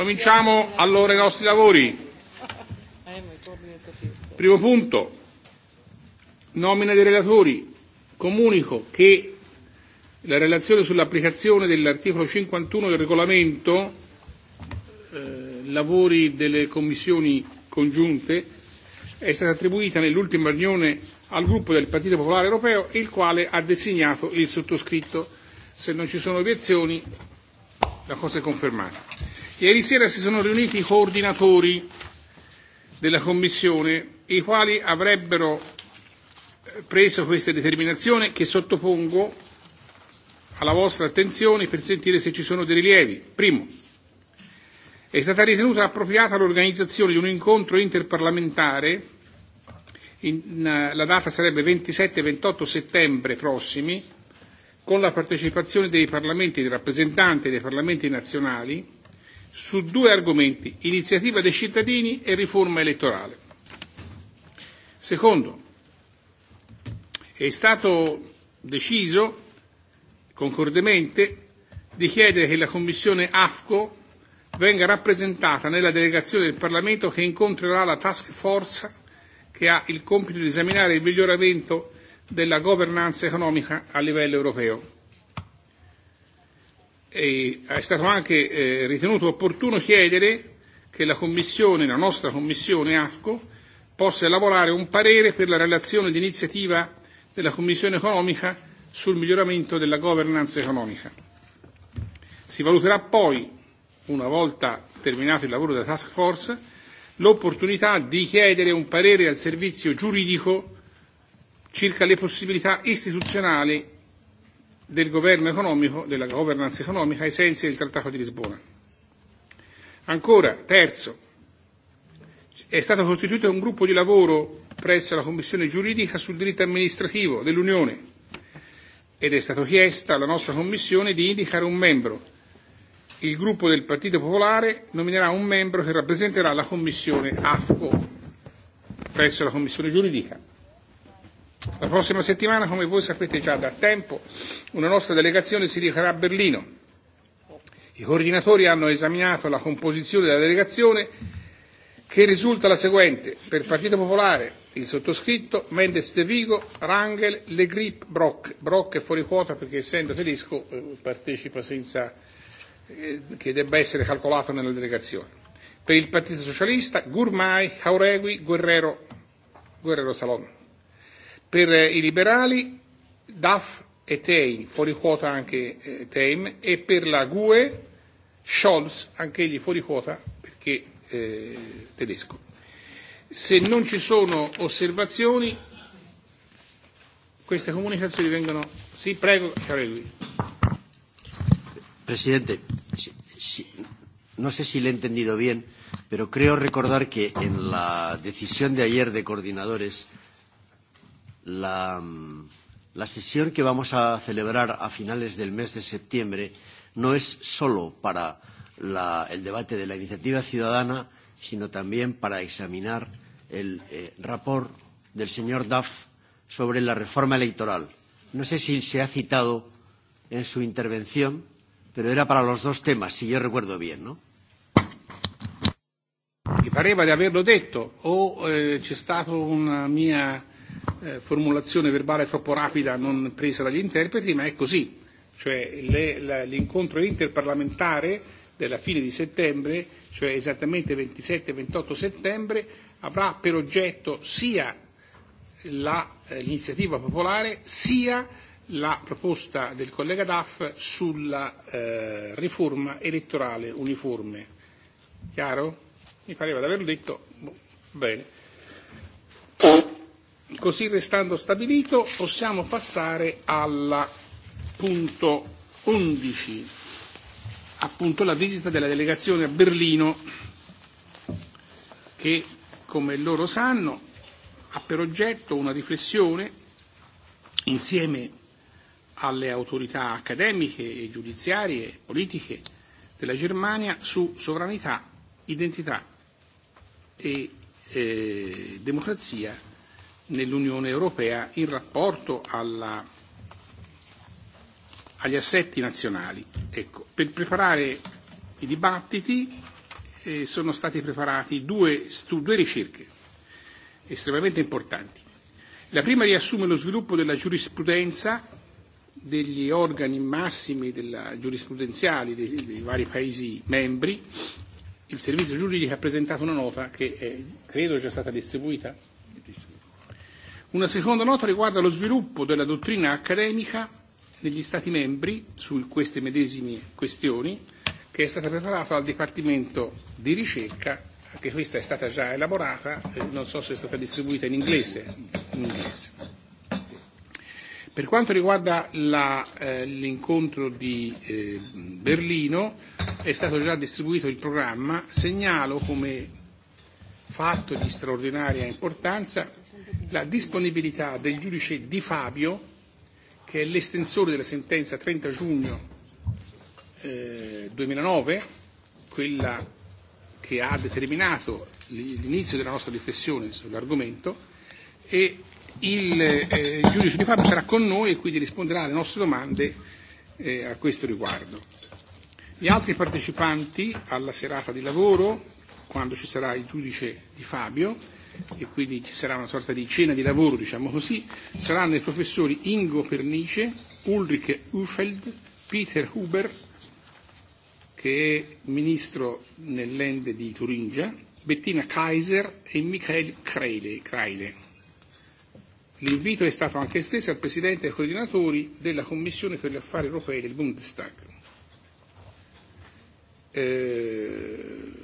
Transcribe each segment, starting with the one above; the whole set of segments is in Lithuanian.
Cominciamo allora i nostri lavori. Primo punto, nomina dei relatori. Comunico che la relazione sull'applicazione dell'articolo 51 del regolamento eh, lavori delle commissioni congiunte è stata attribuita nell'ultima riunione al gruppo del Partito Popolare Europeo, il quale ha designato il sottoscritto. Se non ci sono obiezioni, la cosa è confermata. Ieri sera si sono riuniti i coordinatori della Commissione, i quali avrebbero eh, preso queste determinazioni che sottopongo alla vostra attenzione per sentire se ci sono dei rilievi. Primo, è stata ritenuta appropriata l'organizzazione di un incontro interparlamentare, in, eh, la data sarebbe 27-28 settembre prossimi, con la partecipazione dei parlamenti, dei rappresentanti dei parlamenti nazionali, su due argomenti, iniziativa dei cittadini e riforma elettorale. Secondo, è stato deciso concordemente di chiedere che la Commissione AFCO venga rappresentata nella delegazione del Parlamento che incontrerà la task force che ha il compito di esaminare il miglioramento della governanza economica a livello europeo e è stato anche eh, ritenuto opportuno chiedere che la Commissione, la nostra Commissione AFCO, possa elaborare un parere per la relazione d'iniziativa della Commissione economica sul miglioramento della governance economica. Si valuterà poi, una volta terminato il lavoro della task force, l'opportunità di chiedere un parere al servizio giuridico circa le possibilità istituzionali del governo economico, della governance economica ai sensi del Trattato di Lisbona. Ancora, terzo, è stato costituito un gruppo di lavoro presso la Commissione giuridica sul diritto amministrativo dell'Unione ed è stato chiesto alla nostra Commissione di indicare un membro. Il gruppo del Partito Popolare nominerà un membro che rappresenterà la Commissione AFCO presso la Commissione giuridica. La prossima settimana, come voi sapete già da tempo, una nostra delegazione si recherà a Berlino. I coordinatori hanno esaminato la composizione della delegazione che risulta la seguente. Per Partito Popolare il sottoscritto, Mendes De Vigo, Rangel, Le Grip, Brock. Brock è fuori quota perché essendo tedesco eh, partecipa senza eh, che debba essere calcolato nella delegazione. Per il Partito Socialista, Gurmai, Jauregui, Guerrero, Guerrero Salon. Per i liberali DAF e Tein, fuori quota anche eh, Teim, e per la GUE Scholz, anch'egli fuori quota perché eh, tedesco. Se non ci sono osservazioni, queste comunicazioni vengono. Sì, prego, Carelli. Presidente, si, si, no sé si le he entendido bien, pero creo recordar que en la decisión de ayer de coordinadores la, la sesión que vamos a celebrar a finales del mes de septiembre no es solo para la, el debate de la iniciativa ciudadana, sino también para examinar el eh, rapor del señor Duff sobre la reforma electoral. No sé si se ha citado en su intervención, pero era para los dos temas, si yo recuerdo bien, ¿no? Mi pareva di averlo detto, o eh, c'è stata una mia eh, formulazione verbale troppo rapida non presa dagli interpreti, ma è così. Cioè le, la, l'incontro interparlamentare della fine di settembre, cioè esattamente 27-28 settembre, avrà per oggetto sia la, eh, l'iniziativa popolare sia la proposta del collega Daff sulla eh, riforma elettorale uniforme. Chiaro? Mi pareva di averlo detto. Boh, bene. Così restando stabilito possiamo passare al punto 11, appunto la visita della delegazione a Berlino che, come loro sanno, ha per oggetto una riflessione insieme alle autorità accademiche e giudiziarie e politiche della Germania su sovranità, identità e eh, democrazia nell'Unione Europea in rapporto alla, agli assetti nazionali. Ecco, per preparare i dibattiti eh, sono state preparate due, stu, due ricerche estremamente importanti. La prima riassume lo sviluppo della giurisprudenza degli organi massimi della giurisprudenziali dei, dei vari Paesi membri. Il servizio giuridico ha presentato una nota che è, credo sia stata distribuita. Una seconda nota riguarda lo sviluppo della dottrina accademica negli Stati membri su queste medesime questioni, che è stata preparata dal Dipartimento di ricerca, che questa è stata già elaborata, eh, non so se è stata distribuita in inglese. In inglese. Per quanto riguarda la, eh, l'incontro di eh, Berlino, è stato già distribuito il programma. Segnalo come fatto di straordinaria importanza la disponibilità del giudice Di Fabio, che è l'estensore della sentenza 30 giugno eh, 2009, quella che ha determinato l'inizio della nostra riflessione sull'argomento, e il eh, giudice Di Fabio sarà con noi e quindi risponderà alle nostre domande eh, a questo riguardo. Gli altri partecipanti alla serata di lavoro quando ci sarà il giudice di Fabio e quindi ci sarà una sorta di cena di lavoro, diciamo così, saranno i professori Ingo Pernice, Ulrike Ufeld, Peter Huber, che è ministro nell'ende di Turingia, Bettina Kaiser e Michael Kreile. Kreile. L'invito è stato anche esteso al Presidente e ai coordinatori della Commissione per gli affari europei del Bundestag. Eh,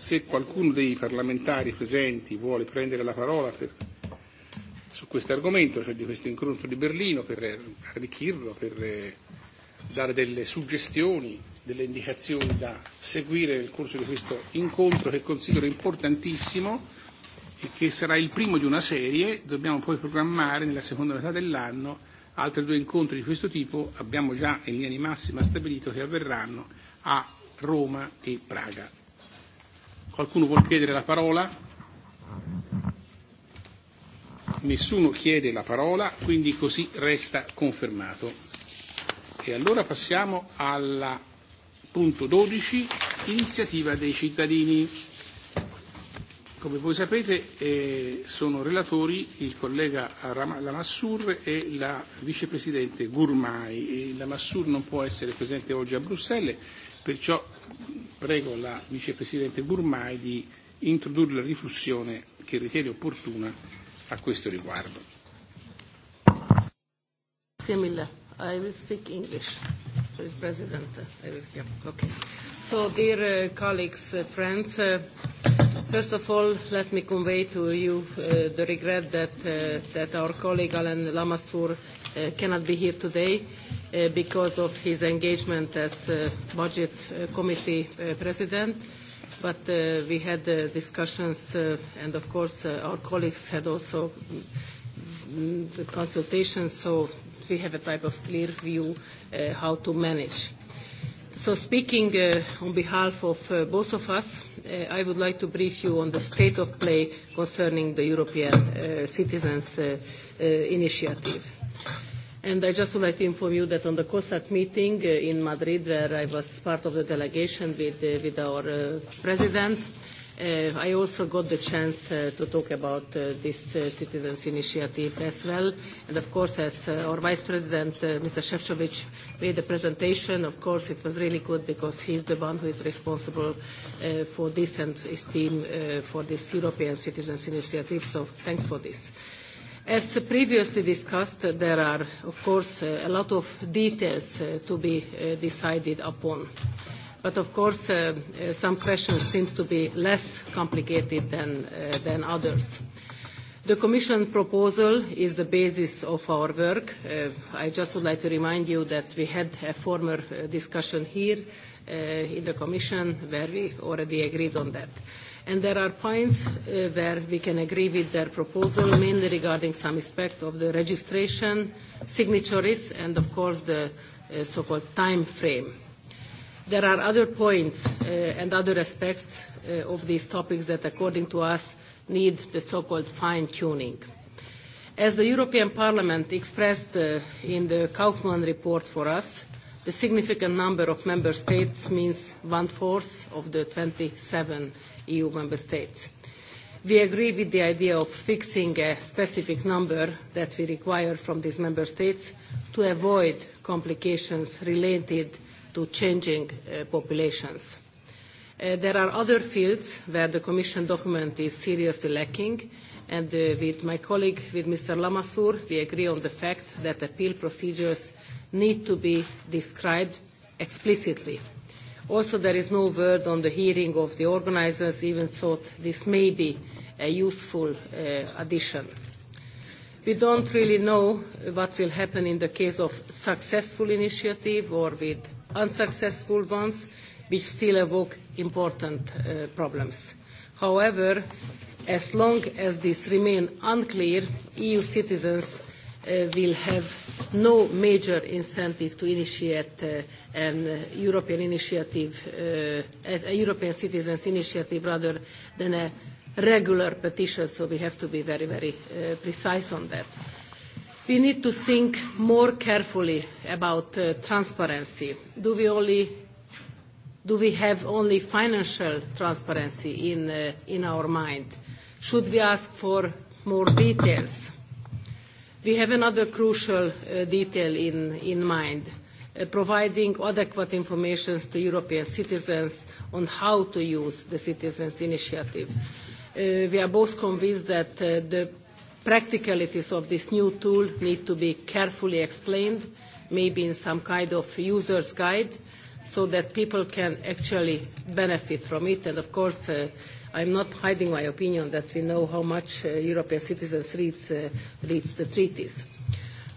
Se qualcuno dei parlamentari presenti vuole prendere la parola per, su questo argomento, cioè di questo incontro di Berlino, per arricchirlo, per eh, dare delle suggestioni, delle indicazioni da seguire nel corso di questo incontro che considero importantissimo e che sarà il primo di una serie, dobbiamo poi programmare nella seconda metà dell'anno altri due incontri di questo tipo, abbiamo già in linea di massima stabilito che avverranno a Roma e Praga. Qualcuno vuol chiedere la parola? Nessuno chiede la parola, quindi così resta confermato. E allora passiamo al punto 12, iniziativa dei cittadini. Come voi sapete eh, sono relatori il collega Lamassur e la vicepresidente Gourmai. E Lamassur non può essere presente oggi a Bruxelles, perciò prego la vicepresidente Gurmai di introdurre la riflessione che ritiene opportuna a questo riguardo. Grazie mille. I will speak English. Sorry, President. I will, yeah, okay. So, dear uh, colleagues, uh, friends, uh, first of all, let me convey to you uh, the regret that, uh, that our colleague Alan Lamassoure uh, cannot be here today uh, because of his engagement as uh, Budget uh, Committee uh, President. But uh, we had uh, discussions, uh, and of course, uh, our colleagues had also mm, the consultations, so we have a type of clear view uh, how to manage. So speaking uh, on behalf of uh, both of us, uh, I would like to brief you on the state of play concerning the European uh, Citizens uh, uh, Initiative. And I just would like to inform you that on the COSAC meeting uh, in Madrid, where I was part of the delegation with, uh, with our uh, president, uh, I also got the chance uh, to talk about uh, this uh, citizens' initiative as well. And of course, as uh, our vice president, uh, Mr. Shevchovich, made a presentation, of course, it was really good because he's the one who is responsible uh, for this and his team uh, for this European citizens' initiative. So thanks for this. Uh, As previously discussed, there are, of course, a lot of details uh, to be uh, decided upon. But of course, uh, some questions seems to be less complicated than, than others. The Commission proposal is the basis of our work. I just would like to remind you that we had a former discussion here in the Commission, where we already agreed on that and there are points uh, where we can agree with their proposal, mainly regarding some aspect of the registration, signatories, and of course the uh, so-called time frame. There are other points uh, and other aspects uh, of these topics that, according to us, need the so-called fine-tuning. As the European Parliament expressed uh, in the Kaufmann report for us, the significant number of member states means one-fourth of the 27 EU member states. We agree with the idea of fixing a specific number that we require from these member states to avoid complications related to changing uh, populations. Uh, there are other fields where the Commission document is seriously lacking, and uh, with my colleague, with Mr. Lamassoure, we agree on the fact that appeal procedures need to be described explicitly Also, there is no word on the hearing of the organizers, even thought this may be a useful uh, addition. We don't really know what will happen in the case of successful initiative or with unsuccessful ones, which still evoke important uh, problems. However, as long as this remains unclear, EU citizens uh, will have no major incentive to initiate uh, an uh, European initiative, uh, a European citizens initiative rather than a regular petition, so we have to be very, very uh, precise on that. We need to think more carefully about uh, transparency. Do we only do we have only financial transparency in, uh, in our mind? Should we ask for more details? We have another crucial uh, detail in, in mind, uh, providing adequate information to European citizens on how to use the citizens' initiative. Uh, we are both convinced that uh, the practicalities of this new tool need to be carefully explained, maybe in some kind of user's guide, so that people can actually benefit from it. And of course, uh, I'm not hiding my opinion that we know how much uh, European citizens reads, uh, reads the treaties.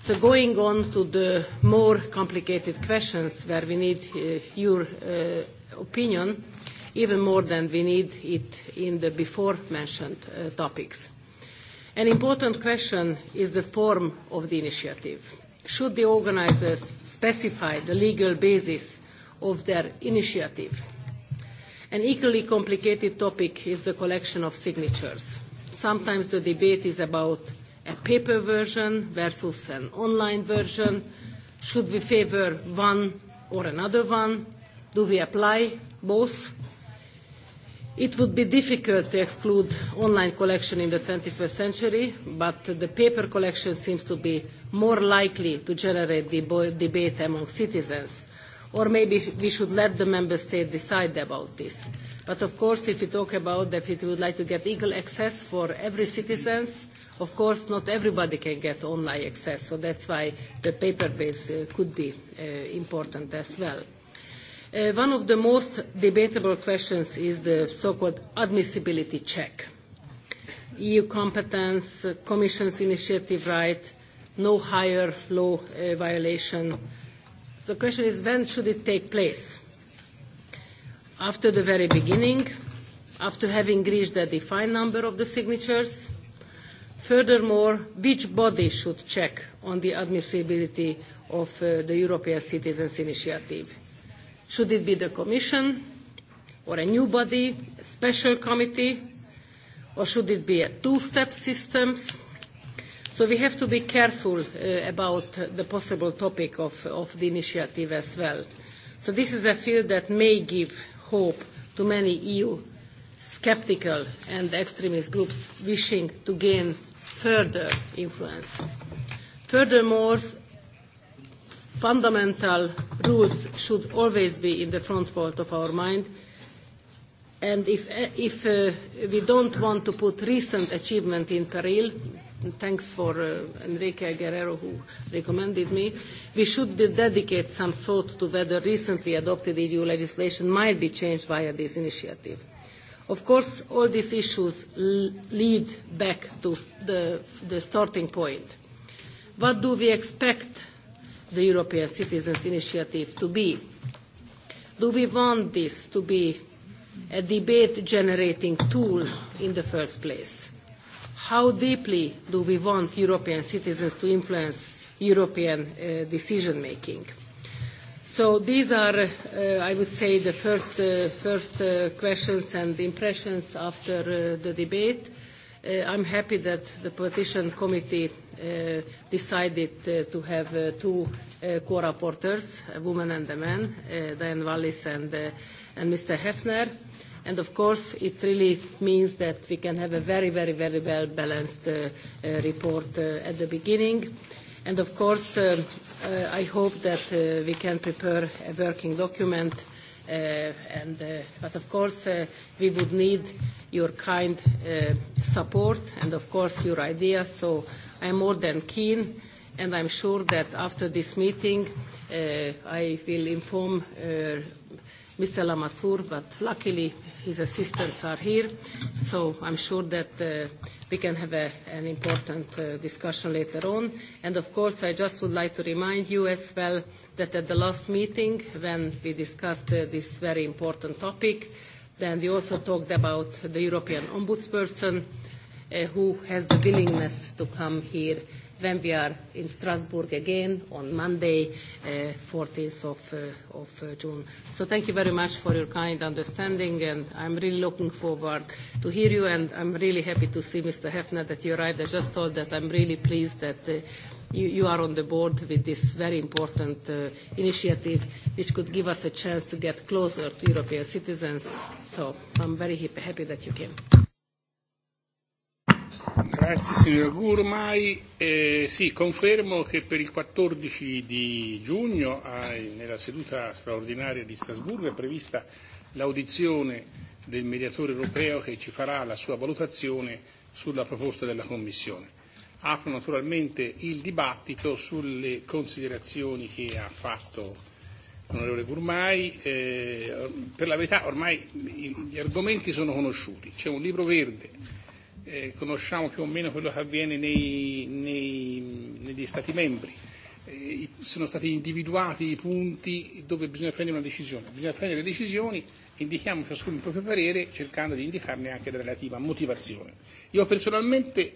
So going on to the more complicated questions where we need uh, your uh, opinion, even more than we need it in the before mentioned uh, topics. An important question is the form of the initiative. Should the organizers specify the legal basis of their initiative? An equally complicated topic is the collection of signatures. Sometimes the debate is about a paper version versus an online version. Should we favor one or another one? Do we apply both? It would be difficult to exclude online collection in the 21st century, but the paper collection seems to be more likely to generate debo- debate among citizens or maybe we should let the member state decide about this. But of course, if we talk about that we would like to get equal access for every citizens, of course, not everybody can get online access, so that's why the paper-based uh, could be uh, important as well. Uh, one of the most debatable questions is the so-called admissibility check. EU competence, uh, Commission's initiative right, no higher law uh, violation, The question is when should it take place? After the very beginning, after having reached a defined number of the signatures. Furthermore, which body should check on the admissibility of uh, the European Citizens Initiative? Should it be the Commission or a new body, a special committee, or should it be a two-step systems? So we have to be careful uh, about the possible topic of, of the initiative as well. So this is a field that may give hope to many EU skeptical and extremist groups wishing to gain further influence. Furthermore, fundamental rules should always be in the front vault of our mind. And if, if uh, we don't want to put recent achievement in peril, and thanks for uh, Enrique Guerrero who recommended me, we should dedicate some thought to whether recently adopted EU legislation might be changed via this initiative. Of course, all these issues lead back to the, the starting point. What do we expect the European Citizens Initiative to be? Do we want this to be a debate-generating tool in the first place? how deeply do we want European citizens to influence European uh, decision making? So these are, uh, I would say, the first, uh, first uh, questions and impressions after uh, the debate. Uh, I'm happy that the petition committee uh, decided uh, to have uh, two uh, co-rapporteurs, uh, women and the men, uh, Diane Wallis and, uh, and Mr. Hefner. And of course, it really means that we can have a very, very, very well balanced uh, uh, report uh, at the beginning. And of course, uh, uh, I hope that uh, we can prepare a working document uh, Uh, and, uh, but of course, uh, we would need your kind uh, support and of course your ideas. So I'm more than keen and I'm sure that after this meeting, uh, I will inform uh, Mr. Lamassoure, but luckily his assistants are here, so I'm sure that uh, we can have a, an important uh, discussion later on. And of course, I just would like to remind you as well that at the last meeting, when we discussed uh, this very important topic, then we also talked about the European Ombudsperson, uh, who has the willingness to come here when we are in Strasbourg again on Monday, uh, 14th of, uh, of uh, June. So thank you very much for your kind understanding, and I'm really looking forward to hear you, and I'm really happy to see, Mr. Hefner, that you arrived. I just thought that I'm really pleased that uh, you, you are on the board with this very important uh, initiative, which could give us a chance to get closer to European citizens. So I'm very happy that you came. Grazie signor Gurmai. Eh, sì, confermo che per il 14 di giugno, eh, nella seduta straordinaria di Strasburgo, è prevista l'audizione del mediatore europeo che ci farà la sua valutazione sulla proposta della Commissione. Apro naturalmente il dibattito sulle considerazioni che ha fatto l'onorevole Gurmai. Eh, per la verità ormai gli argomenti sono conosciuti. C'è un libro verde eh, conosciamo più o meno quello che avviene nei, nei, negli Stati membri. Eh, sono stati individuati i punti dove bisogna prendere una decisione. Bisogna prendere decisioni, indichiamo ciascuno il proprio parere cercando di indicarne anche la relativa motivazione. Io personalmente,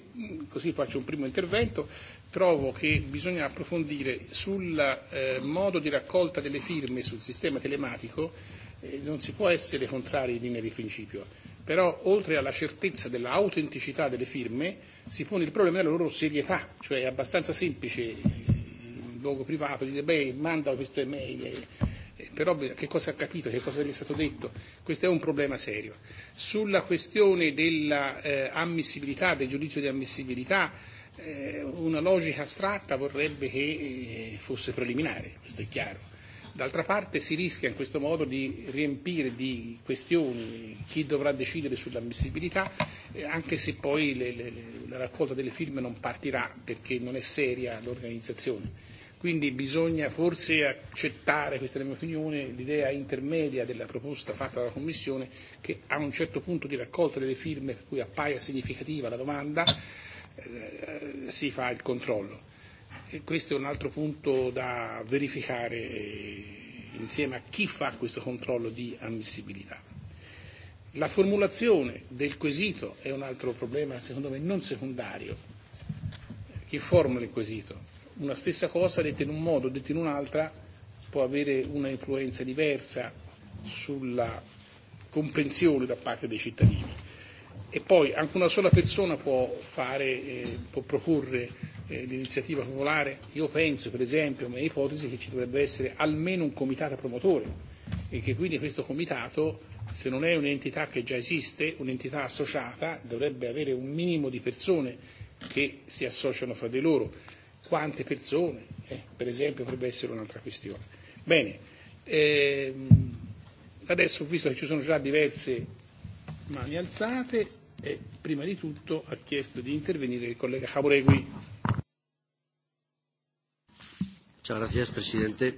così faccio un primo intervento, trovo che bisogna approfondire sul eh, modo di raccolta delle firme sul sistema telematico, eh, non si può essere contrari in linea di principio però oltre alla certezza dell'autenticità delle firme si pone il problema della loro serietà, cioè è abbastanza semplice in luogo privato dire beh manda questo email, eh, però che cosa ha capito, che cosa gli è stato detto, questo è un problema serio. Sulla questione dell'ammissibilità, eh, del giudizio di ammissibilità, eh, una logica astratta vorrebbe che eh, fosse preliminare, questo è chiaro D'altra parte si rischia in questo modo di riempire di questioni chi dovrà decidere sull'ammissibilità, eh, anche se poi le, le, la raccolta delle firme non partirà perché non è seria l'organizzazione. Quindi bisogna forse accettare, questa è la mia opinione, l'idea intermedia della proposta fatta dalla Commissione che a un certo punto di raccolta delle firme per cui appaia significativa la domanda eh, si fa il controllo. E questo è un altro punto da verificare insieme a chi fa questo controllo di ammissibilità. La formulazione del quesito è un altro problema, secondo me, non secondario. Chi formula il quesito? Una stessa cosa detta in un modo, detta in un'altra, può avere una influenza diversa sulla comprensione da parte dei cittadini. E poi anche una sola persona può, fare, eh, può proporre eh, l'iniziativa popolare, io penso per esempio, come ipotesi, che ci dovrebbe essere almeno un comitato promotore e che quindi questo comitato, se non è un'entità che già esiste, un'entità associata, dovrebbe avere un minimo di persone che si associano fra di loro. Quante persone? Eh, per esempio potrebbe essere un'altra questione. Bene, ehm, adesso ho visto che ci sono già diverse mani alzate e prima di tutto ha chiesto di intervenire il collega Cavoregui. Muchas gracias, presidente.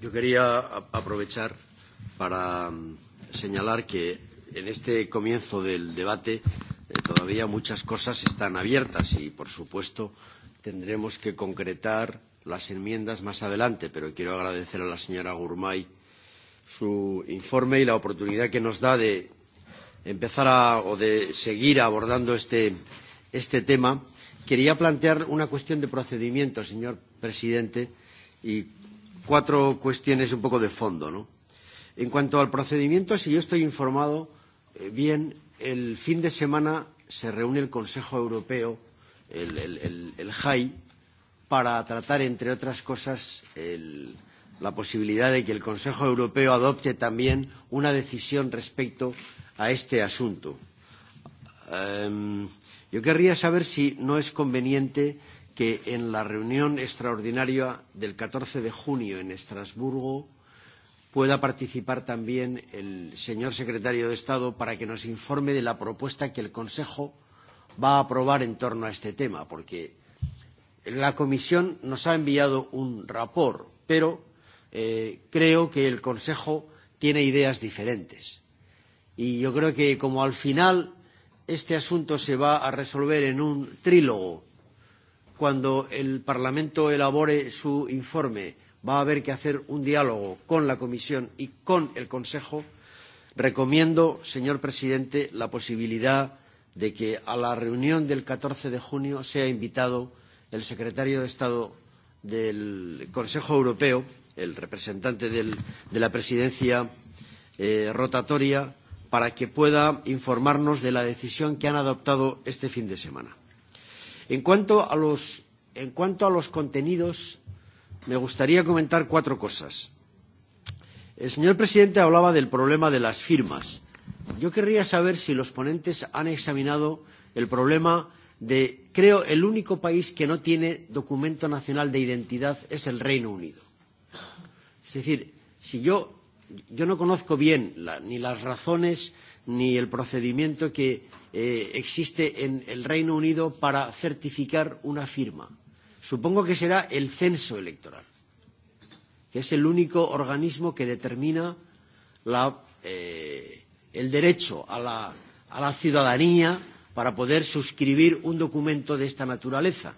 Yo quería aprovechar para mm, señalar que en este comienzo del debate eh, todavía muchas cosas están abiertas y, por supuesto, tendremos que concretar las enmiendas más adelante, pero quiero agradecer a la señora Gourmay su informe y la oportunidad que nos da de empezar a, o de seguir abordando este, este tema. Quería plantear una cuestión de procedimiento, señor presidente, y cuatro cuestiones un poco de fondo. ¿no? En cuanto al procedimiento, si yo estoy informado eh, bien, el fin de semana se reúne el Consejo Europeo, el, el, el, el JAI, para tratar, entre otras cosas, el, la posibilidad de que el Consejo Europeo adopte también una decisión respecto a este asunto. Um, yo querría saber si no es conveniente que en la reunión extraordinaria del 14 de junio en Estrasburgo pueda participar también el señor secretario de Estado para que nos informe de la propuesta que el Consejo va a aprobar en torno a este tema, porque la Comisión nos ha enviado un rapor, pero eh, creo que el Consejo tiene ideas diferentes. Y yo creo que como al final este asunto se va a resolver en un trílogo cuando el Parlamento elabore su informe, va a haber que hacer un diálogo con la Comisión y con el Consejo, recomiendo, señor presidente, la posibilidad de que a la reunión del 14 de junio sea invitado el secretario de Estado del Consejo Europeo, el representante del, de la presidencia eh, rotatoria, para que pueda informarnos de la decisión que han adoptado este fin de semana. En cuanto a los, en cuanto a los contenidos, me gustaría comentar cuatro cosas. El señor presidente hablaba del problema de las firmas. Yo querría saber si los ponentes han examinado el problema de, creo, el único país que no tiene documento nacional de identidad es el Reino Unido. Es decir, si yo, yo no conozco bien la, ni las razones ni el procedimiento que, eh, existe en el Reino Unido para certificar una firma. Supongo que será el censo electoral, que es el único organismo que determina la, eh, el derecho a la, a la ciudadanía para poder suscribir un documento de esta naturaleza.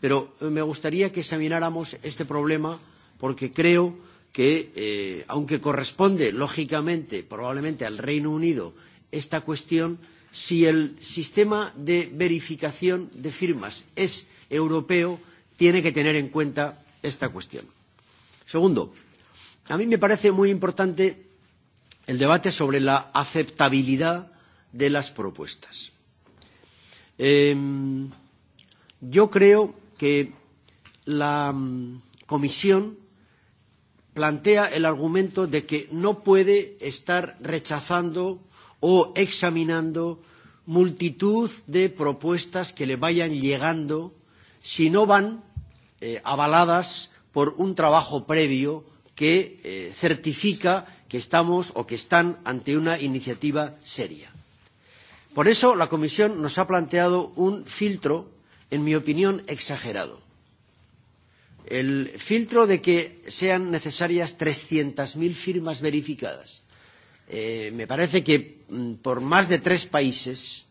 Pero eh, me gustaría que examináramos este problema porque creo que, eh, aunque corresponde, lógicamente, probablemente al Reino Unido esta cuestión, Si el sistema de verificación de firmas es europeo, tiene que tener en cuenta esta cuestión. Segundo, a mí me parece muy importante el debate sobre la aceptabilidad de las propuestas. Eh, yo creo que la mm, Comisión plantea el argumento de que no puede estar rechazando o examinando multitud de propuestas que le vayan llegando si no van eh, avaladas por un trabajo previo que eh, certifica que estamos o que están ante una iniciativa seria. Por eso la Comisión nos ha planteado un filtro, en mi opinión, exagerado. El filtro de que sean necesarias 300.000 firmas verificadas eh, me parece que mm, por más de tres países,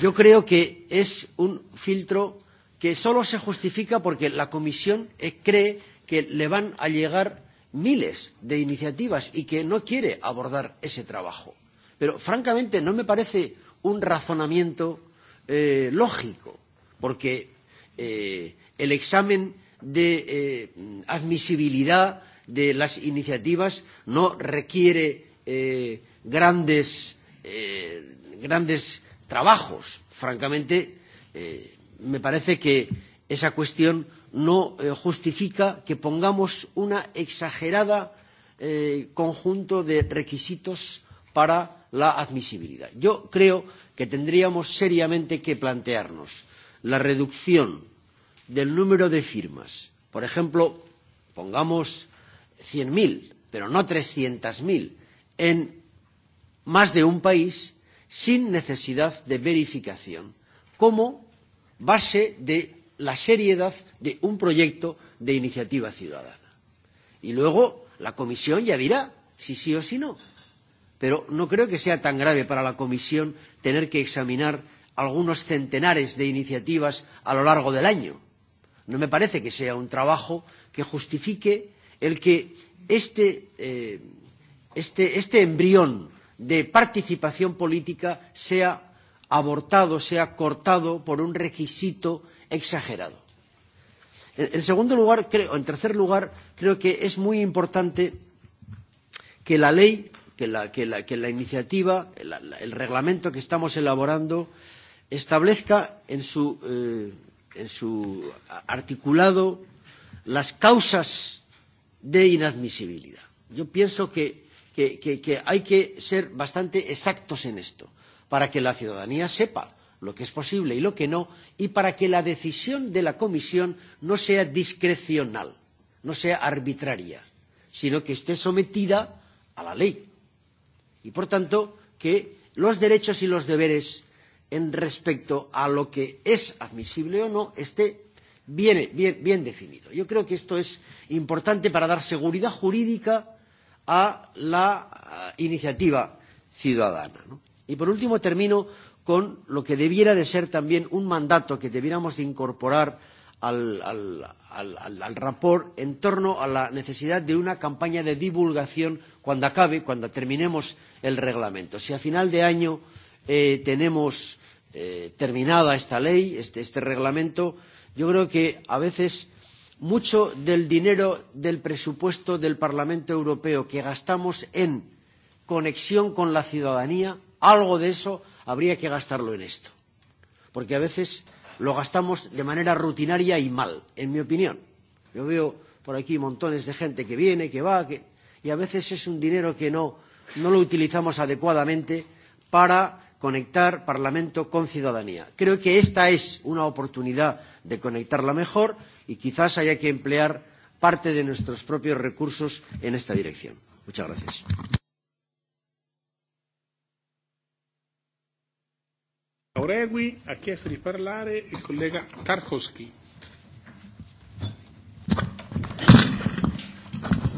yo creo que es un filtro que solo se justifica porque la Comisión eh, cree que le van a llegar miles de iniciativas y que no quiere abordar ese trabajo. Pero, francamente, no me parece un razonamiento eh, lógico, porque eh, el examen de eh, admisibilidad de las iniciativas no requiere eh, grandes, eh, grandes trabajos. Francamente, eh, me parece que esa cuestión no eh, justifica que pongamos una exagerada eh, conjunto de requisitos para la admisibilidad. Yo creo que tendríamos seriamente que plantearnos la reducción del número de firmas. Por ejemplo, pongamos 100.000, pero no 300.000, en más de un país sin necesidad de verificación como base de la seriedad de un proyecto de iniciativa ciudadana. Y luego la comisión ya dirá si sí o si no. Pero no creo que sea tan grave para la comisión tener que examinar algunos centenares de iniciativas a lo largo del año. No me parece que sea un trabajo que justifique el que este eh, este, este embrión de participación política sea abortado, sea cortado por un requisito exagerado. En, en segundo lugar, creo, en tercer lugar, creo que es muy importante que la ley, que la, que la, que la iniciativa, el, el reglamento que estamos elaborando establezca en su, eh, en su articulado las causas de inadmisibilidad. Yo pienso que que, que, que hay que ser bastante exactos en esto, para que la ciudadanía sepa lo que es posible y lo que no, y para que la decisión de la Comisión no sea discrecional, no sea arbitraria, sino que esté sometida a la ley. Y, por tanto, que los derechos y los deberes en respecto a lo que es admisible o no esté bien, bien, bien definido. Yo creo que esto es importante para dar seguridad jurídica a la eh, iniciativa ciudadana. ¿no? Y por último termino con lo que debiera de ser también un mandato que debiéramos de incorporar al, al, al, al, al rapport en torno a la necesidad de una campaña de divulgación cuando acabe, cuando terminemos el reglamento. Si a final de año eh, tenemos eh, terminada esta ley, este, este reglamento, yo creo que a veces eh, mucho del dinero del presupuesto del Parlamento Europeo que gastamos en conexión con la ciudadanía, algo de eso habría que gastarlo en esto. Porque a veces lo gastamos de manera rutinaria y mal, en mi opinión. Yo veo por aquí montones de gente que viene, que va, que... y a veces es un dinero que no, no lo utilizamos adecuadamente para conectar Parlamento con ciudadanía. Creo que esta es una oportunidad de conectarla mejor y quizás haya que emplear parte de nuestros propios recursos en esta dirección. Muchas gracias. Auregui ha chiesto di parlare il collega Tarkovsky.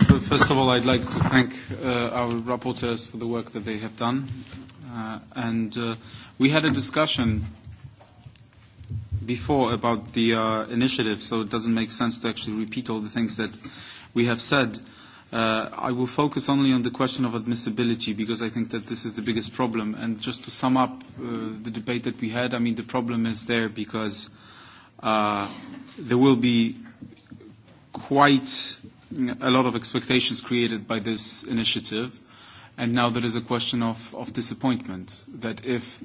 So first of all, I'd like to thank uh, our rapporteurs for the work that they have done. Uh, and uh, we had a discussion before about the uh, initiative, so it doesn't make sense to actually repeat all the things that we have said. Uh, I will focus only on the question of admissibility because I think that this is the biggest problem. And just to sum up uh, the debate that we had, I mean, the problem is there because uh, there will be quite a lot of expectations created by this initiative. And now there is a question of, of disappointment that if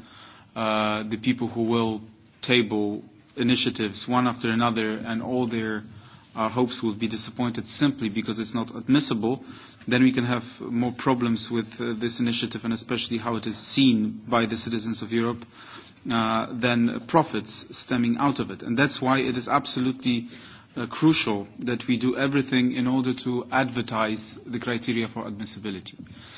uh, the people who will table initiatives one after another and all their uh, hopes will be disappointed simply because it's not admissible, then we can have more problems with uh, this initiative and especially how it is seen by the citizens of Europe uh, than profits stemming out of it. And that's why it is absolutely uh, crucial that we do everything in order to advertise the criteria for admissibility. Uh,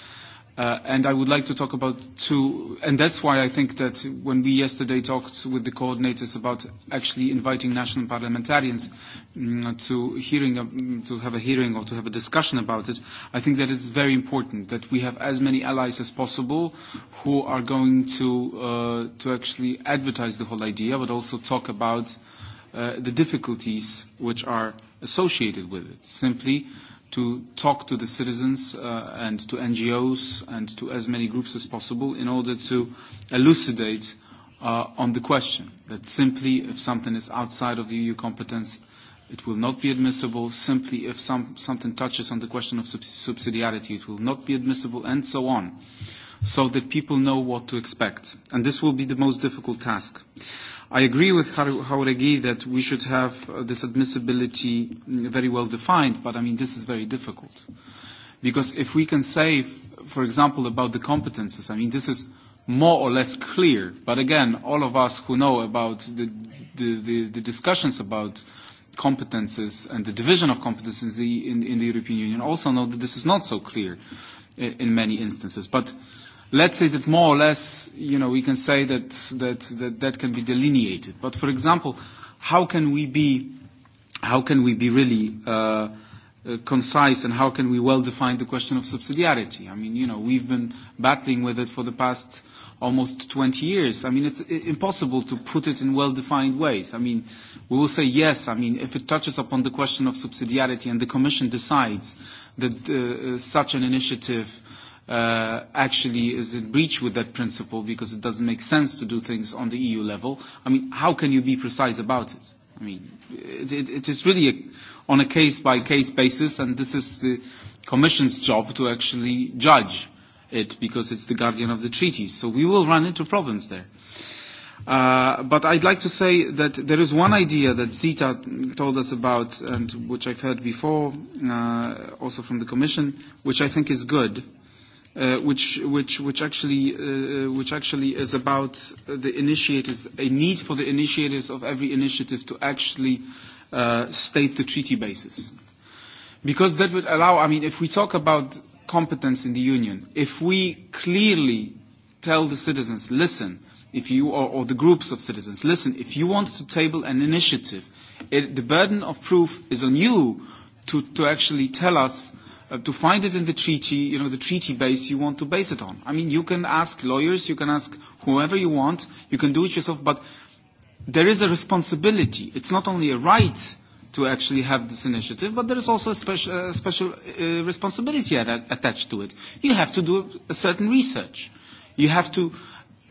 Uh, and I would like to talk about two, and that's why I think that when we yesterday talked with the coordinators about actually inviting national parliamentarians um, to hearing, um, to have a hearing or to have a discussion about it, I think that it's very important that we have as many allies as possible who are going to uh, to actually advertise the whole idea, but also talk about uh, the difficulties which are associated with it. Simply. Uh, to talk to the citizens uh, and to NGOs and to as many groups as possible in order to elucidate uh, on the question that simply if something is outside of the EU competence, it will not be admissible. Simply if some, something touches on the question of sub subsidiarity, it will not be admissible, and so on, so that people know what to expect. And this will be the most difficult task. Uh, I agree with Jauregui that we should have uh, this admissibility mm, very well defined, but I mean, this is very difficult. Because if we can say, for example, about the competences, I mean, this is more or less clear. But again, all of us who know about the, the, the, the discussions about competences and the division of competences in the, in, in the European Union also know that this is not so clear in, in many instances. But uh, let's say that more or less, you know, we can say that that that, that can be delineated. But for example, how can we be, how can we be really uh, uh, concise, and how can we well define the question of subsidiarity? I mean, you know, we've been battling with it for the past almost 20 years. I mean, it's impossible to put it in well-defined ways. I mean, we will say yes. I mean, if it touches upon the question of subsidiarity, and the Commission decides that uh, uh such an initiative uh, uh, actually is in breach with that principle because it doesn't make sense to do things on the EU level. I mean, how can you be precise about it? I mean, it, it, it is really a, on a case-by-case -case basis, and this is the Commission's job to actually judge it because it's the guardian of the treaties. So we will run into problems there. Uh, but I'd like to say that there is one idea that Zita told us about, and which I've heard before, uh, also from the Commission, which I think is good. Uh, Uh, which, which, which, actually, uh, which actually is about the initiators, a need for the initiators of every initiative to actually uh, state the treaty basis. Because that would allow, I mean, if we talk about competence in the Union, if we clearly tell the citizens, listen, if you, or, or the groups of citizens, listen, if you want to table an initiative, it, the burden of proof is on you to, to actually tell us uh, uh, to find it in the treaty, you know, the treaty base you want to base it on. I mean, you can ask lawyers, you can ask whoever you want, you can do it yourself, but there is a responsibility. It's not only a right to actually have this initiative, but there is also a special, uh, special uh, responsibility at, at, attached to it. You have to do a certain research. You have to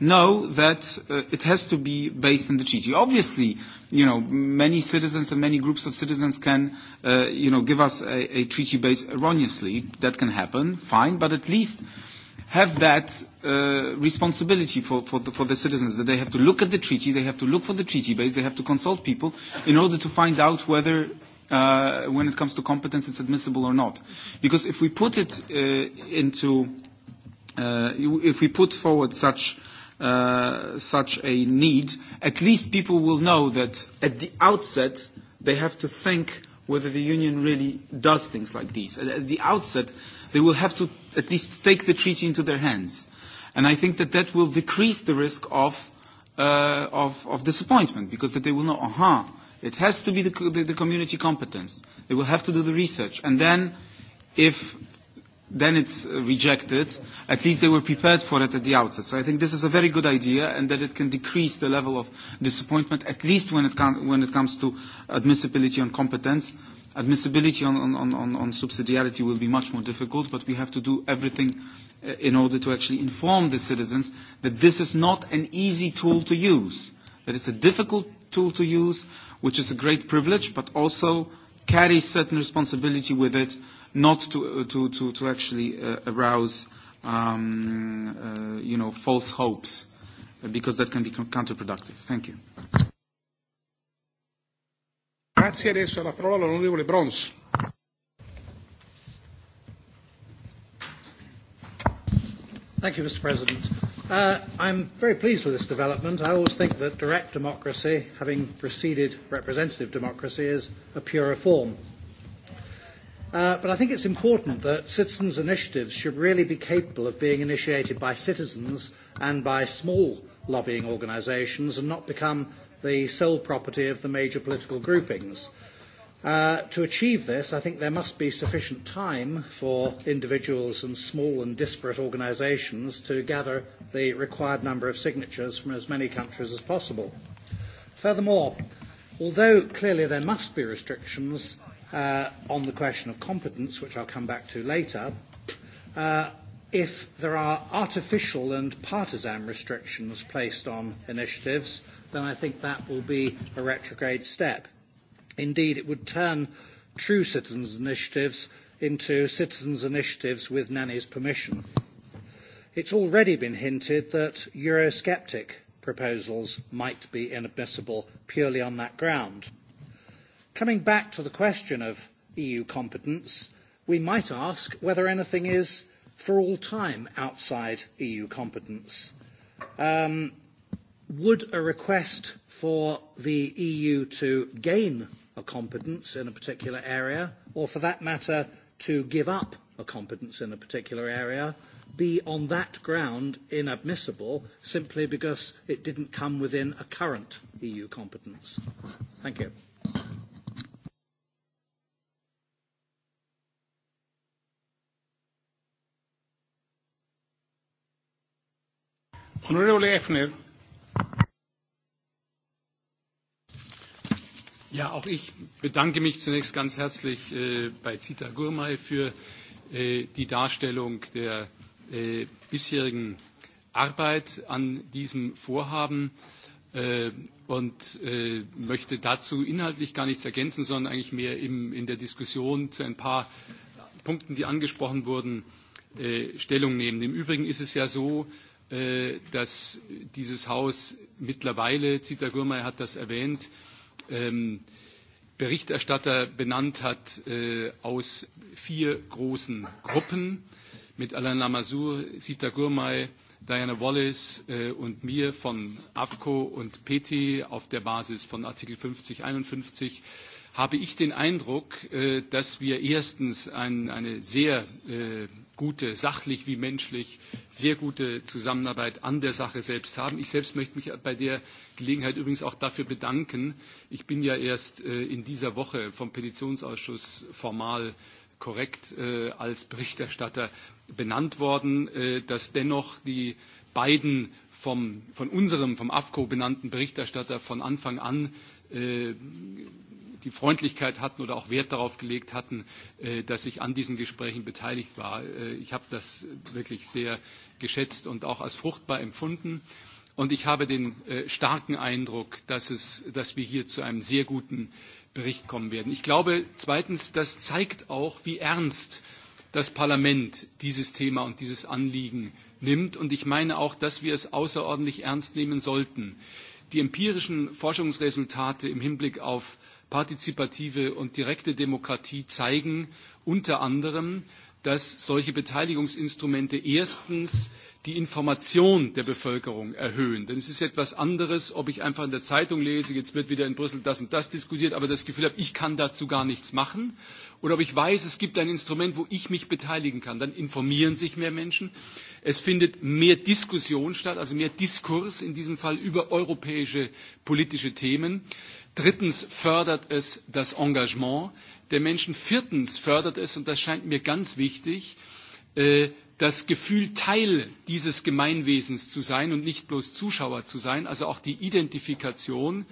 know that uh, it has to be based on the treaty. Obviously, you know, many citizens and many groups of citizens can, uh, you know, give us a, a treaty base erroneously. That can happen, fine, but at least have that uh, responsibility for, for, the, for the citizens, that they have to look at the treaty, they have to look for the treaty base, they have to consult people in order to find out whether uh, when it comes to competence it's admissible or not. Because if we put it uh, into, uh, if we put forward such uh, uh, such a need, at least people will know that at the outset they have to think whether the union really does things like these. At, at the outset, they will have to at least take the treaty into their hands. And I think that that will decrease the risk of, uh, of, of disappointment because that they will know, aha, uh-huh, it has to be the, the, the community competence. They will have to do the research. And then if then it's rejected, at least they were prepared for it at the outset. So I think this is a very good idea and that it can decrease the level of disappointment, at least when it, com- when it comes to admissibility and competence. Admissibility on, on, on, on subsidiarity will be much more difficult, but we have to do everything eh, in order to actually inform the citizens that this is not an easy tool to use, that it's a difficult tool to use, which is a great privilege, but also carries certain responsibility with it, uh, not to, uh, to, to, to actually uh, arouse um, uh, you know, false hopes because that can be counterproductive. Thank you. Grazie, adesso la parola all'onorevole Brons. Thank you, Mr. President. Uh, I'm very pleased with this development. I always think that direct democracy, having preceded representative democracy, is a purer form Uh, but I think it's important that citizens' initiatives should really be capable of being initiated by citizens and by small lobbying organisations and not become the sole property of the major political groupings. Uh, to achieve this, I think there must be sufficient time for individuals and small and disparate organisations to gather the required number of signatures from as many countries as possible. Furthermore, although clearly there must be restrictions, uh, on the question of competence, which I'll come back to later, uh, if there are artificial and partisan restrictions placed on initiatives, then I think that will be a retrograde step. Indeed, it would turn true citizens' initiatives into citizens' initiatives with nanny's permission. It's already been hinted that Eurosceptic proposals might be inadmissible purely on that ground. Coming back to the question of EU competence, we might ask whether anything is for all time outside EU competence. Um, would a request for the EU to gain a competence in a particular area, or for that matter, to give up a competence in a particular area, be on that ground inadmissible simply because it didn't come within a current EU competence? Thank you. Onorevole Effner. Ja, auch ich bedanke mich zunächst ganz herzlich äh, bei Zita Gurmai für äh, die Darstellung der äh, bisherigen Arbeit an diesem Vorhaben äh, und äh, möchte dazu inhaltlich gar nichts ergänzen, sondern eigentlich mehr im, in der Diskussion zu ein paar Punkten, die angesprochen wurden, äh, Stellung nehmen. Im Übrigen ist es ja so, Äh, dass dieses Haus mittlerweile, Zita Gürmeier hat das erwähnt, ähm, Berichterstatter benannt hat äh, aus vier großen Gruppen mit Alain Lamassoure, Sita Gurmai, Diana Wallace äh, und mir von AFCO und PETI auf der Basis von Artikel 50, 51 habe ich den Eindruck, äh, dass wir erstens ein, eine sehr äh, gute, sachlich wie menschlich, sehr gute Zusammenarbeit an der Sache selbst haben. Ich selbst möchte mich bei der Gelegenheit übrigens auch dafür bedanken. Ich bin ja erst äh, in dieser Woche vom Petitionsausschuss formal korrekt äh, als Berichterstatter benannt worden, äh, dass dennoch die beiden vom, von unserem, vom AFCO benannten Berichterstatter von Anfang an äh, die Freundlichkeit hatten oder auch Wert darauf gelegt hatten, äh, dass ich an diesen Gesprächen beteiligt war. Äh, ich habe das wirklich sehr geschätzt und auch als fruchtbar empfunden. Und ich habe den äh, starken Eindruck, dass, es, dass wir hier zu einem sehr guten Bericht kommen werden. Ich glaube zweitens, das zeigt auch, wie ernst das Parlament dieses Thema und dieses Anliegen nimmt. Und ich meine auch, dass wir es außerordentlich ernst nehmen sollten. Die empirischen Forschungsresultate im Hinblick auf partizipative und direkte Demokratie zeigen unter anderem, dass solche Beteiligungsinstrumente erstens die Information der Bevölkerung erhöhen. Denn es ist etwas anderes, ob ich einfach in der Zeitung lese, jetzt wird wieder in Brüssel das und das diskutiert, aber das Gefühl habe, ich kann dazu gar nichts machen, oder ob ich weiß, es gibt ein Instrument, wo ich mich beteiligen kann. Dann informieren sich mehr Menschen. Es findet mehr Diskussion statt, also mehr Diskurs in diesem Fall über europäische politische Themen. Drittens fördert es das Engagement der Menschen. Viertens fördert es, und das scheint mir ganz wichtig, äh, das Gefühl, Teil dieses Gemeinwesens zu sein und nicht bloß Zuschauer zu sein, also auch die Identifikation.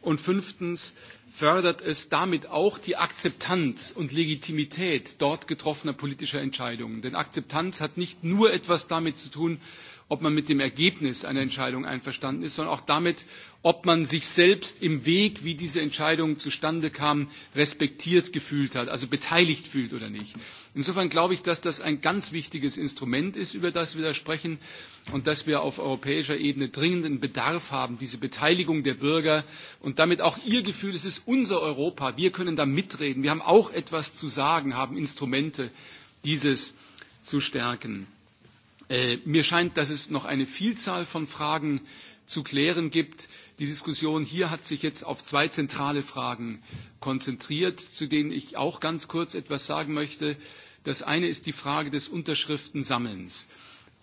Und fünftens fördert es damit auch die Akzeptanz und Legitimität dort getroffener politischer Entscheidungen. Denn Akzeptanz hat nicht nur etwas damit zu tun, ob man mit dem Ergebnis einer Entscheidung einverstanden ist, sondern auch damit, ob man sich selbst im Weg, wie diese Entscheidung zustande kam, respektiert gefühlt hat, also beteiligt fühlt oder nicht. Insofern glaube ich, dass das ein ganz wichtiges Instrument ist, über das wir da sprechen und dass wir auf europäischer Ebene dringenden Bedarf haben, diese Beteiligung der Bürger und damit auch ihr Gefühl, es ist unser Europa, wir können da mitreden, wir haben auch etwas zu sagen, haben Instrumente, dieses zu stärken. Äh, mir scheint, dass es noch eine Vielzahl von Fragen zu klären gibt. Die Diskussion hier hat sich jetzt auf zwei zentrale Fragen konzentriert, zu denen ich auch ganz kurz etwas sagen möchte. Das eine ist die Frage des Unterschriftensammelns.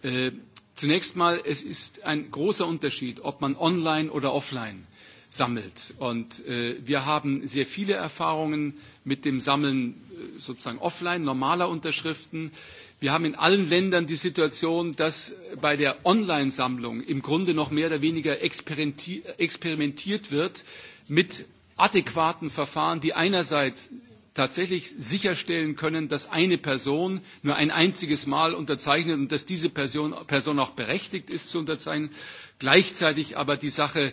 Äh, zunächst mal, es ist ein großer Unterschied, ob man online oder offline sammelt. Und äh, wir haben sehr viele Erfahrungen mit dem Sammeln äh, sozusagen offline normaler Unterschriften. Äh, Wir haben in allen Ländern die Situation, dass bei der Online-Sammlung im Grunde noch mehr oder weniger experimentiert wird mit adäquaten Verfahren, die einerseits tatsächlich sicherstellen können, dass eine Person nur ein einziges Mal unterzeichnet und dass diese Person, Person auch berechtigt ist zu unterzeichnen, gleichzeitig aber die Sache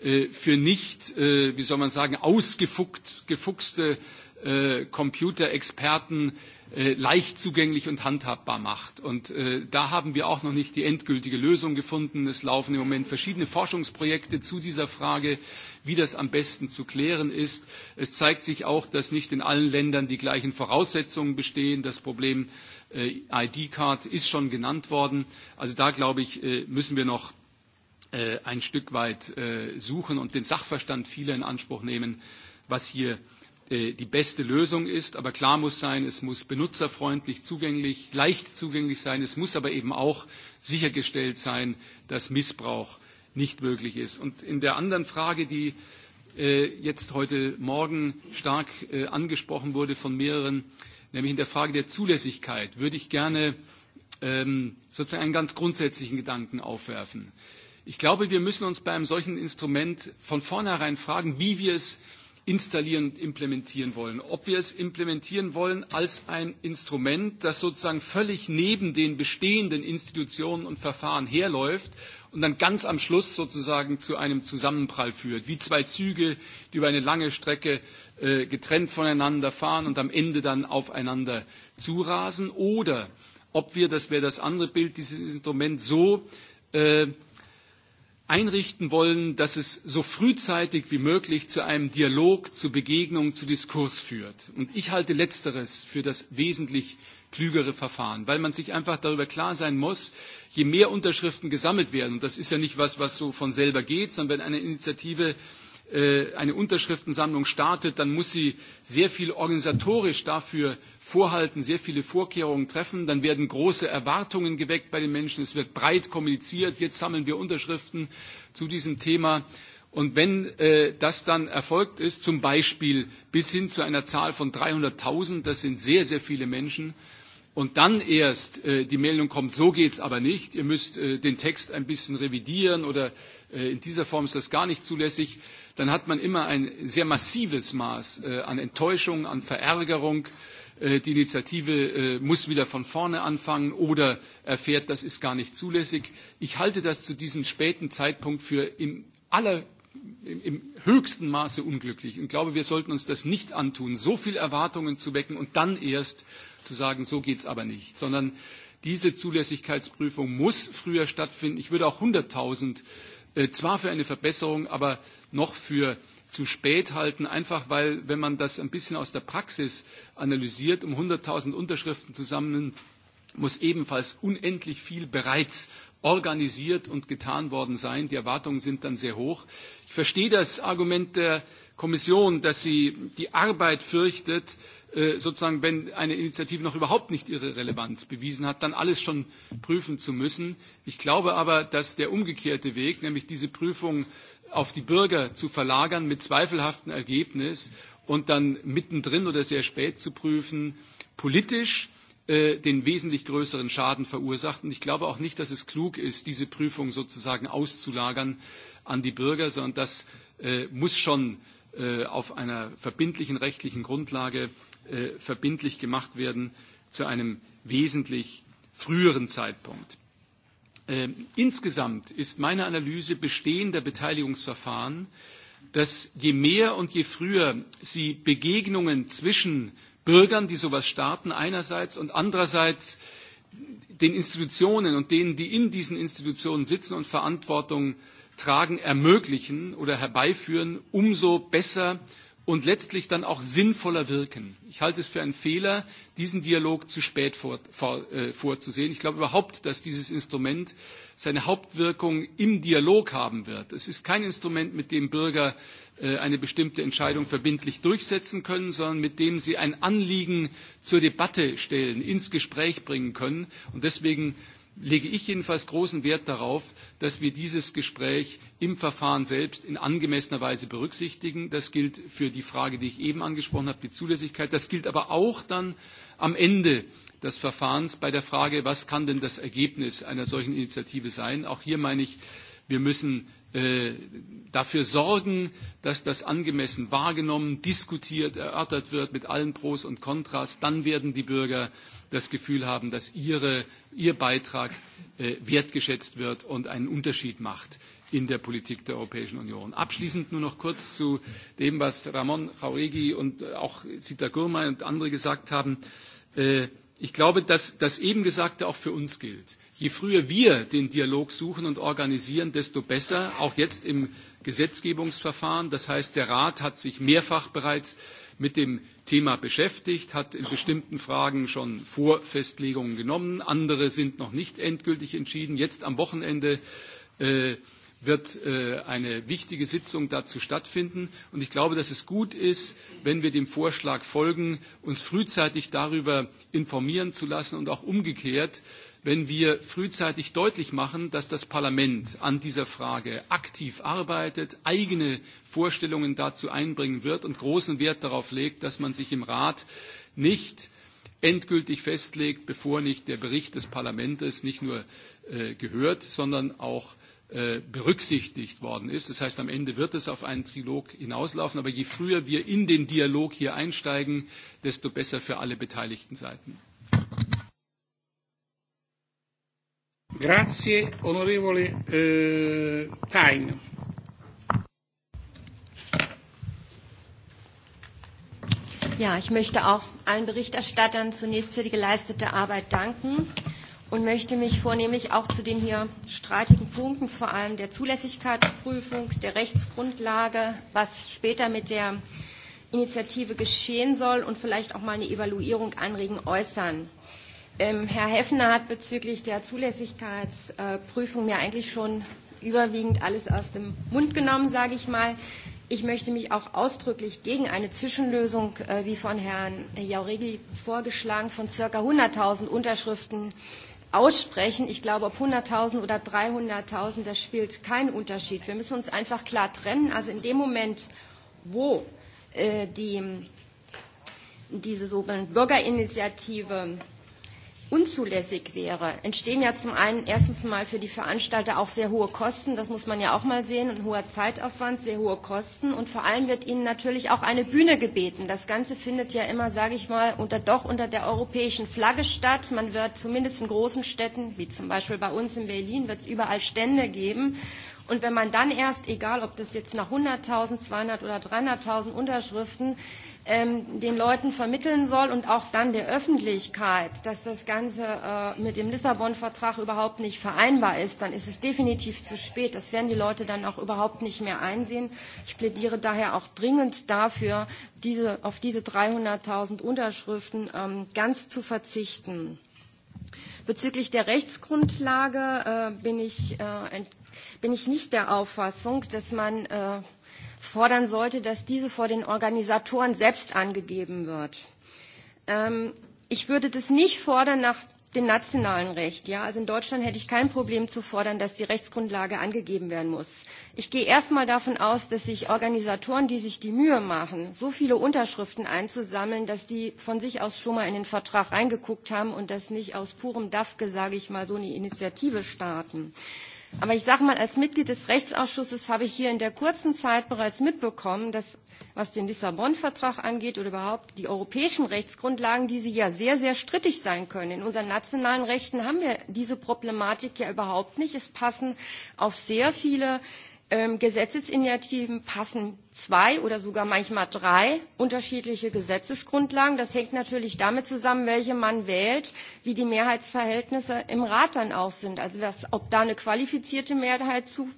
äh, für nicht, äh, wie soll man sagen, ausgefuchste äh, Computerexperten Äh, leicht zugänglich und handhabbar macht. Und äh, da haben wir auch noch nicht die endgültige Lösung gefunden. Es laufen im Moment verschiedene Forschungsprojekte zu dieser Frage, wie das am besten zu klären ist. Es zeigt sich auch, dass nicht in allen Ländern die gleichen Voraussetzungen bestehen. Das Problem äh, ID-Card ist schon genannt worden. Also da, glaube ich, äh, müssen wir noch äh, ein Stück weit äh, suchen und den Sachverstand vieler in Anspruch nehmen, was hier äh, Äh, die beste Lösung ist. Aber klar muss sein, es muss benutzerfreundlich zugänglich, leicht zugänglich sein. Es muss aber eben auch sichergestellt sein, dass Missbrauch nicht möglich ist. Und in der anderen Frage, die äh, jetzt heute Morgen stark äh, angesprochen wurde von mehreren, nämlich in der Frage der Zulässigkeit, würde ich gerne ähm, sozusagen einen ganz grundsätzlichen Gedanken aufwerfen. Ich glaube, wir müssen uns bei einem solchen Instrument von vornherein fragen, wie wir es installieren und implementieren wollen. Ob wir es implementieren wollen als ein Instrument, das sozusagen völlig neben den bestehenden Institutionen und Verfahren herläuft und dann ganz am Schluss sozusagen zu einem Zusammenprall führt, wie zwei Züge, die über eine lange Strecke äh, getrennt voneinander fahren und am Ende dann aufeinander zurasen, oder ob wir, das wäre das andere Bild, dieses Instrument so äh, einrichten wollen, dass es so frühzeitig wie möglich zu einem Dialog, zu Begegnung, zu Diskurs führt. Und ich halte letzteres für das wesentlich klügere Verfahren, weil man sich einfach darüber klar sein muss, je mehr Unterschriften gesammelt werden, und das ist ja nicht was, was so von selber geht, sondern wenn eine Initiative äh, Äh, eine Unterschriftensammlung startet, dann muss sie sehr viel organisatorisch dafür vorhalten, sehr viele Vorkehrungen treffen. Dann werden große Erwartungen geweckt bei den Menschen. Es wird breit kommuniziert. Jetzt sammeln wir Unterschriften zu diesem Thema. Und wenn äh, das dann erfolgt ist, zum Beispiel bis hin zu einer Zahl von 300.000, das sind sehr, sehr viele Menschen, und dann erst äh, die Meldung kommt, so geht's aber nicht, ihr müsst äh, den Text ein bisschen revidieren oder Äh, in dieser Form ist das gar nicht zulässig. Dann hat man immer ein sehr massives Maß äh, an Enttäuschung, an Verärgerung. Äh, die Initiative muss wieder von vorne anfangen oder erfährt, das ist gar nicht zulässig. Ich halte das zu diesem späten Zeitpunkt für im aller im, im höchsten Maße unglücklich und glaube, wir sollten uns das nicht antun, so viel Erwartungen zu wecken und dann erst zu sagen, so geht's aber nicht, sondern diese Zulässigkeitsprüfung muss früher stattfinden. Ich würde auch 100.000 äh, zwar für eine Verbesserung, aber noch für zu spät halten, einfach weil, wenn man das ein bisschen aus der Praxis analysiert, um 100.000 Unterschriften zu sammeln, muss ebenfalls unendlich viel bereits organisiert und getan worden sein. Die Erwartungen sind dann sehr hoch. Ich verstehe das Argument der Kommission, dass sie die Arbeit fürchtet, Äh, sozusagen, wenn eine Initiative noch überhaupt nicht ihre Relevanz bewiesen hat, dann alles schon prüfen zu müssen. Ich glaube aber, dass der umgekehrte Weg, nämlich diese Prüfung auf die Bürger zu verlagern mit zweifelhaftem Ergebnis und dann mittendrin oder sehr spät zu prüfen, politisch äh, den wesentlich größeren Schaden verursacht. Und ich glaube auch nicht, dass es klug ist, diese Prüfung sozusagen auszulagern an die Bürger, sondern das äh, muss schon äh, auf einer verbindlichen rechtlichen Grundlage äh, verbindlich gemacht werden zu einem wesentlich früheren Zeitpunkt. Ähm, insgesamt ist meine Analyse bestehender Beteiligungsverfahren, dass je mehr und je früher sie Begegnungen zwischen Bürgern, die sowas starten einerseits und andererseits den Institutionen und denen, die in diesen Institutionen sitzen und Verantwortung tragen, ermöglichen oder herbeiführen, umso besser äh, und letztlich dann auch sinnvoller wirken. Ich halte es für einen Fehler, diesen Dialog zu spät vor, vor, äh, vorzusehen. Ich glaube überhaupt, dass dieses Instrument seine Hauptwirkung im Dialog haben wird. Es ist kein Instrument, mit dem Bürger äh, eine bestimmte Entscheidung verbindlich durchsetzen können, sondern mit dem sie ein Anliegen zur Debatte stellen, ins Gespräch bringen können. Und deswegen lege ich jedenfalls großen Wert darauf, dass wir dieses Gespräch im Verfahren selbst in angemessener Weise berücksichtigen. Das gilt für die Frage, die ich eben angesprochen habe, die Zulässigkeit. Das gilt aber auch dann am Ende des Verfahrens bei der Frage, was kann denn das Ergebnis einer solchen Initiative sein. Auch hier meine ich, wir müssen äh, dafür sorgen, dass das angemessen wahrgenommen, diskutiert, erörtert wird mit allen Pros und Kontras. Dann werden die Bürger äh, das Gefühl haben, dass ihre, ihr Beitrag äh, wertgeschätzt wird und einen Unterschied macht in der Politik der Europäischen Union. Abschließend nur noch kurz zu dem, was Ramon Jauregui und äh, auch Zita Gurmai und andere gesagt haben. Äh, ich glaube, dass das eben Gesagte auch für uns gilt. Je früher wir den Dialog suchen und organisieren, desto besser, auch jetzt im Gesetzgebungsverfahren. Das heißt, der Rat hat sich mehrfach bereits äh, mit dem Thema beschäftigt, hat in bestimmten Fragen schon Vorfestlegungen genommen. Andere sind noch nicht endgültig entschieden. Jetzt am Wochenende äh, wird äh, eine wichtige Sitzung dazu stattfinden. Und ich glaube, dass es gut ist, wenn wir dem Vorschlag folgen, uns frühzeitig darüber informieren zu lassen und auch umgekehrt wenn wir frühzeitig deutlich machen, dass das Parlament an dieser Frage aktiv arbeitet, eigene Vorstellungen dazu einbringen wird und großen Wert darauf legt, dass man sich im Rat nicht endgültig festlegt, bevor nicht der Bericht des Parlaments nicht nur äh, gehört, sondern auch äh, berücksichtigt worden ist. Das heißt, am Ende wird es auf einen Trilog hinauslaufen. Aber je früher wir in den Dialog hier einsteigen, desto besser für alle beteiligten Seiten. Grazie onorevole eh, Tain. Ja, ich möchte auch allen Berichterstattern zunächst für die geleistete Arbeit danken und möchte mich vornehmlich auch zu den hier streitigen Punkten, vor allem der Zulässigkeitsprüfung, der Rechtsgrundlage, was später mit der Initiative geschehen soll und vielleicht auch mal eine Evaluierung anregen, äußern. Äh, Ähm, Herr Heffner hat bezüglich der Zulässigkeitsprüfung äh, mir eigentlich schon überwiegend alles aus dem Mund genommen, sage ich mal. Ich möchte mich auch ausdrücklich gegen eine Zwischenlösung, äh, wie von Herrn Jauregi vorgeschlagen, von ca. 100.000 Unterschriften aussprechen. Ich glaube, ob 100.000 oder 300.000, das spielt keinen Unterschied. Wir müssen uns einfach klar trennen. Also in dem Moment, wo äh, die, diese sogenannte Bürgerinitiative unzulässig wäre, entstehen ja zum einen erstens mal für die Veranstalter auch sehr hohe Kosten, das muss man ja auch mal sehen, ein hoher Zeitaufwand, sehr hohe Kosten und vor allem wird ihnen natürlich auch eine Bühne gebeten. Das Ganze findet ja immer, sage ich mal, unter, doch unter der europäischen Flagge statt. Man wird zumindest in großen Städten, wie zum Beispiel bei uns in Berlin, wird es überall Stände geben. Und wenn man dann erst, egal ob das jetzt nach 100.000, 200 oder 300.000 Unterschriften, äh, ähm, den Leuten vermitteln soll und auch dann der Öffentlichkeit, dass das Ganze äh, mit dem Lissabon-Vertrag überhaupt nicht vereinbar ist, dann ist es definitiv zu spät. Das werden die Leute dann auch überhaupt nicht mehr einsehen. Ich plädiere daher auch dringend dafür, diese, auf diese 300.000 Unterschriften ähm, ganz zu verzichten. Bezüglich der Rechtsgrundlage äh, bin, ich, äh, bin ich nicht der Auffassung, dass man äh, fordern sollte, dass diese vor den Organisatoren selbst angegeben wird. Ähm, ich würde das nicht fordern nach dem nationalen Recht. Ja? Also in Deutschland hätte ich kein Problem zu fordern, dass die Rechtsgrundlage angegeben werden muss. Ich gehe erstmal davon aus, dass sich Organisatoren, die sich die Mühe machen, so viele Unterschriften einzusammeln, dass die von sich aus schon mal in den Vertrag reingeguckt haben und das nicht aus purem DAFKE, sage ich mal, so eine Initiative starten. Äh, Aber ich sage mal, als Mitglied des Rechtsausschusses habe ich hier in der kurzen Zeit bereits mitbekommen, dass was den Lissabon-Vertrag angeht oder überhaupt die europäischen Rechtsgrundlagen, diese ja sehr, sehr strittig sein können. In unseren nationalen Rechten haben wir diese Problematik ja überhaupt nicht. Es passen auf sehr viele ähm, Gesetzesinitiativen passen zwei oder sogar manchmal drei unterschiedliche Gesetzesgrundlagen. Das hängt natürlich damit zusammen, welche man wählt, wie die Mehrheitsverhältnisse im Rat dann auch sind. Also was, ob da eine qualifizierte Mehrheit zu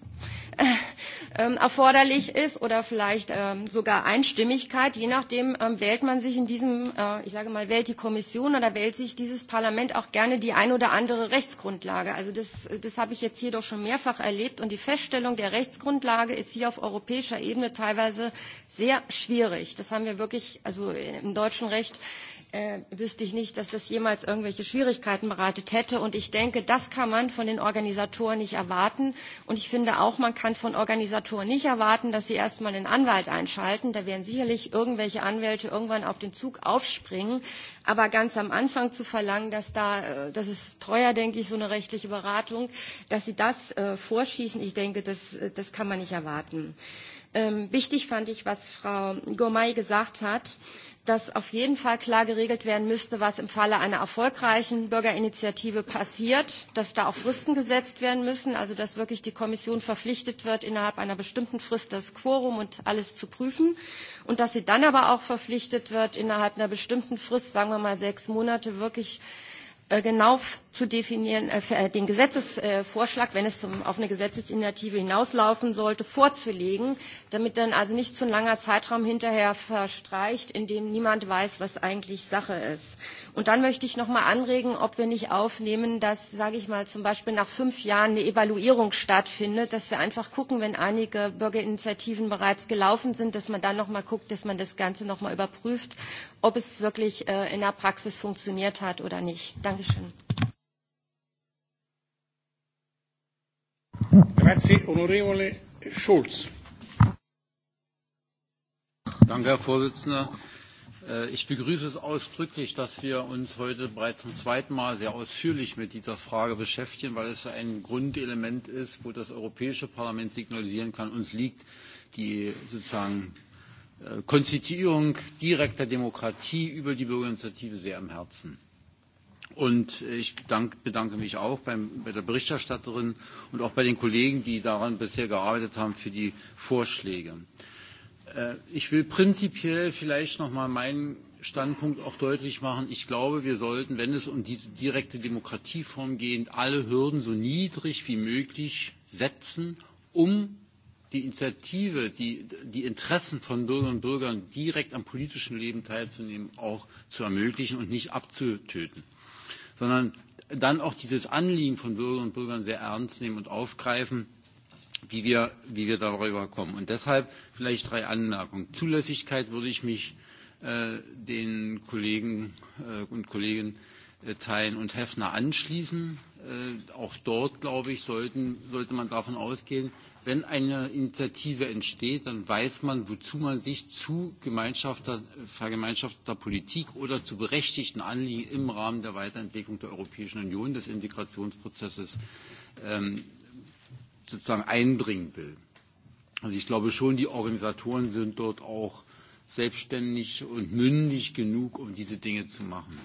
ähm, erforderlich ist oder vielleicht ähm, sogar Einstimmigkeit. Je nachdem ähm, wählt man sich in diesem, äh, ich sage mal, wählt die Kommission oder wählt sich dieses Parlament auch gerne die ein oder andere Rechtsgrundlage. Also das, das habe ich jetzt hier doch schon mehrfach erlebt und die Feststellung der Rechtsgrundlage ist hier auf europäischer Ebene teilweise sehr schwierig. Das haben wir wirklich also im deutschen Recht äh, äh, wüsste ich nicht, dass das jemals irgendwelche Schwierigkeiten bereitet hätte. Und ich denke, das kann man von den Organisatoren nicht erwarten. Und ich finde auch, man kann von Organisatoren nicht erwarten, dass sie erstmal einen Anwalt einschalten. Da werden sicherlich irgendwelche Anwälte irgendwann auf den Zug aufspringen. Aber ganz am Anfang zu verlangen, dass da, äh, das ist teuer, denke ich, so eine rechtliche Beratung, dass sie das äh, vorschießen, ich denke, das, äh, das kann man nicht erwarten. Ähm, wichtig fand ich, was Frau Gourmay gesagt hat. Äh, dass auf jeden Fall klar geregelt werden müsste, was im Falle einer erfolgreichen Bürgerinitiative passiert, dass da auch Fristen gesetzt werden müssen, also dass wirklich die Kommission verpflichtet wird, innerhalb einer bestimmten Frist das Quorum und alles zu prüfen und dass sie dann aber auch verpflichtet wird, innerhalb einer bestimmten Frist, sagen wir mal sechs Monate, wirklich äh, genau zu definieren, äh, äh, den Gesetzesvorschlag, wenn es zum, auf eine Gesetzesinitiative hinauslaufen sollte, vorzulegen, damit dann also nicht zu ein langer Zeitraum hinterher verstreicht, in dem niemand weiß, was eigentlich Sache ist. Und dann möchte ich noch mal anregen, ob wir nicht aufnehmen, dass, sage ich mal, zum Beispiel nach fünf Jahren eine Evaluierung stattfindet, dass wir einfach gucken, wenn einige Bürgerinitiativen bereits gelaufen sind, dass man dann noch mal guckt, dass man das Ganze noch mal überprüft, ob es wirklich äh, in der Praxis funktioniert hat oder nicht. Dankeschön. Grazie, onorevole Schulz. Danke, Herr Vorsitzender. Äh, ich begrüße es ausdrücklich, dass wir uns heute bereits zum zweiten Mal sehr ausführlich mit dieser Frage beschäftigen, weil es ein Grundelement ist, wo das Europäische Parlament signalisieren kann, uns liegt die sozusagen äh, Konstituierung direkter Demokratie über die Bürgerinitiative sehr am Herzen. Und ich dank, bedanke mich auch beim, bei der Berichterstatterin und auch bei den Kollegen, die daran bisher gearbeitet haben, für die Vorschläge. Äh, ich will prinzipiell vielleicht noch mal meinen Standpunkt auch deutlich machen. Ich glaube, wir sollten, wenn es um diese direkte Demokratieform geht, alle Hürden so niedrig wie möglich setzen, um die Initiative, die, die Interessen von Bürgerinnen und Bürgern direkt am politischen Leben teilzunehmen, auch zu ermöglichen und nicht abzutöten sondern dann auch dieses Anliegen von Bürgerinnen und Bürgern sehr ernst nehmen und aufgreifen, wie wir, wie wir darüber kommen. Und deshalb vielleicht drei Anmerkungen. Zulässigkeit würde ich mich äh, den Kollegen äh, und Kolleginnen äh, Teilen und Hefner anschließen. Äh, auch dort, glaube ich, sollten, sollte man davon ausgehen, wenn eine Initiative entsteht, dann weiß man, wozu man sich zu vergemeinschafteter Politik oder zu berechtigten Anliegen im Rahmen der Weiterentwicklung der Europäischen Union, des Integrationsprozesses ähm, sozusagen einbringen will. Also ich glaube schon, die Organisatoren sind dort auch selbstständig und mündig genug, um diese Dinge zu machen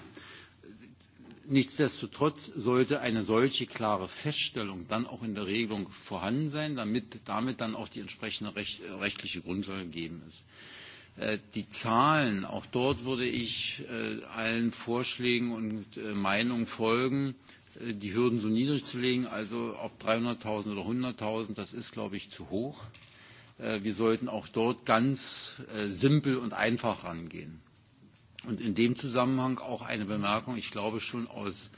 nichtsdestotrotz sollte eine solche klare feststellung dann auch in der regelung vorhanden sein damit damit dann auch die entsprechende recht, äh, rechtliche grundlage gegeben ist. Äh, die Zahlen, auch dort würde ich äh, allen Vorschlägen und äh, Meinungen folgen, äh, die Hürden so niedrig zu legen. Also ob 300.000 oder 100.000, das ist, glaube ich, zu hoch. Äh, wir sollten auch dort ganz simpel und einfach rangehen Und in dem Zusammenhang auch eine Bemerkung, ich glaube schon aus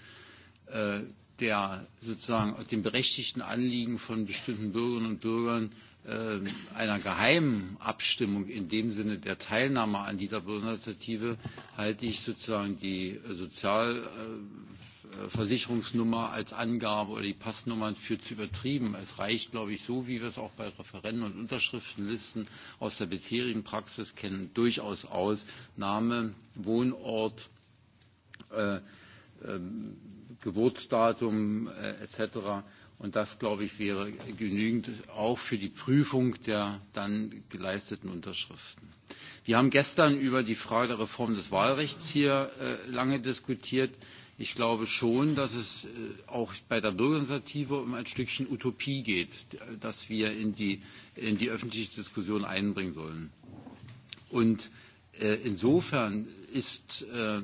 äh, der sozusagen dem berechtigten Anliegen von bestimmten Bürgerinnen und Bürgern Äh, einer geheimen Abstimmung in dem Sinne der Teilnahme an dieser Bürgerinitiative halte ich sozusagen die äh, Sozialversicherungsnummer äh, als Angabe oder die Passnummern für zu übertrieben. Es reicht, glaube ich, so wie wir es auch bei Referenden und Unterschriftenlisten aus der bisherigen Praxis kennen, durchaus aus. Name, Wohnort, äh, äh, Geburtsdatum äh, etc Und das, glaube ich, wäre genügend auch für die Prüfung der dann geleisteten Unterschriften. Wir haben gestern über die Frage der Reform des Wahlrechts hier äh, lange diskutiert. Ich glaube schon, dass es äh, auch bei der Bürgerinitiative um ein Stückchen Utopie geht, das wir in die, in die öffentliche Diskussion einbringen sollen. Und äh, insofern ist äh,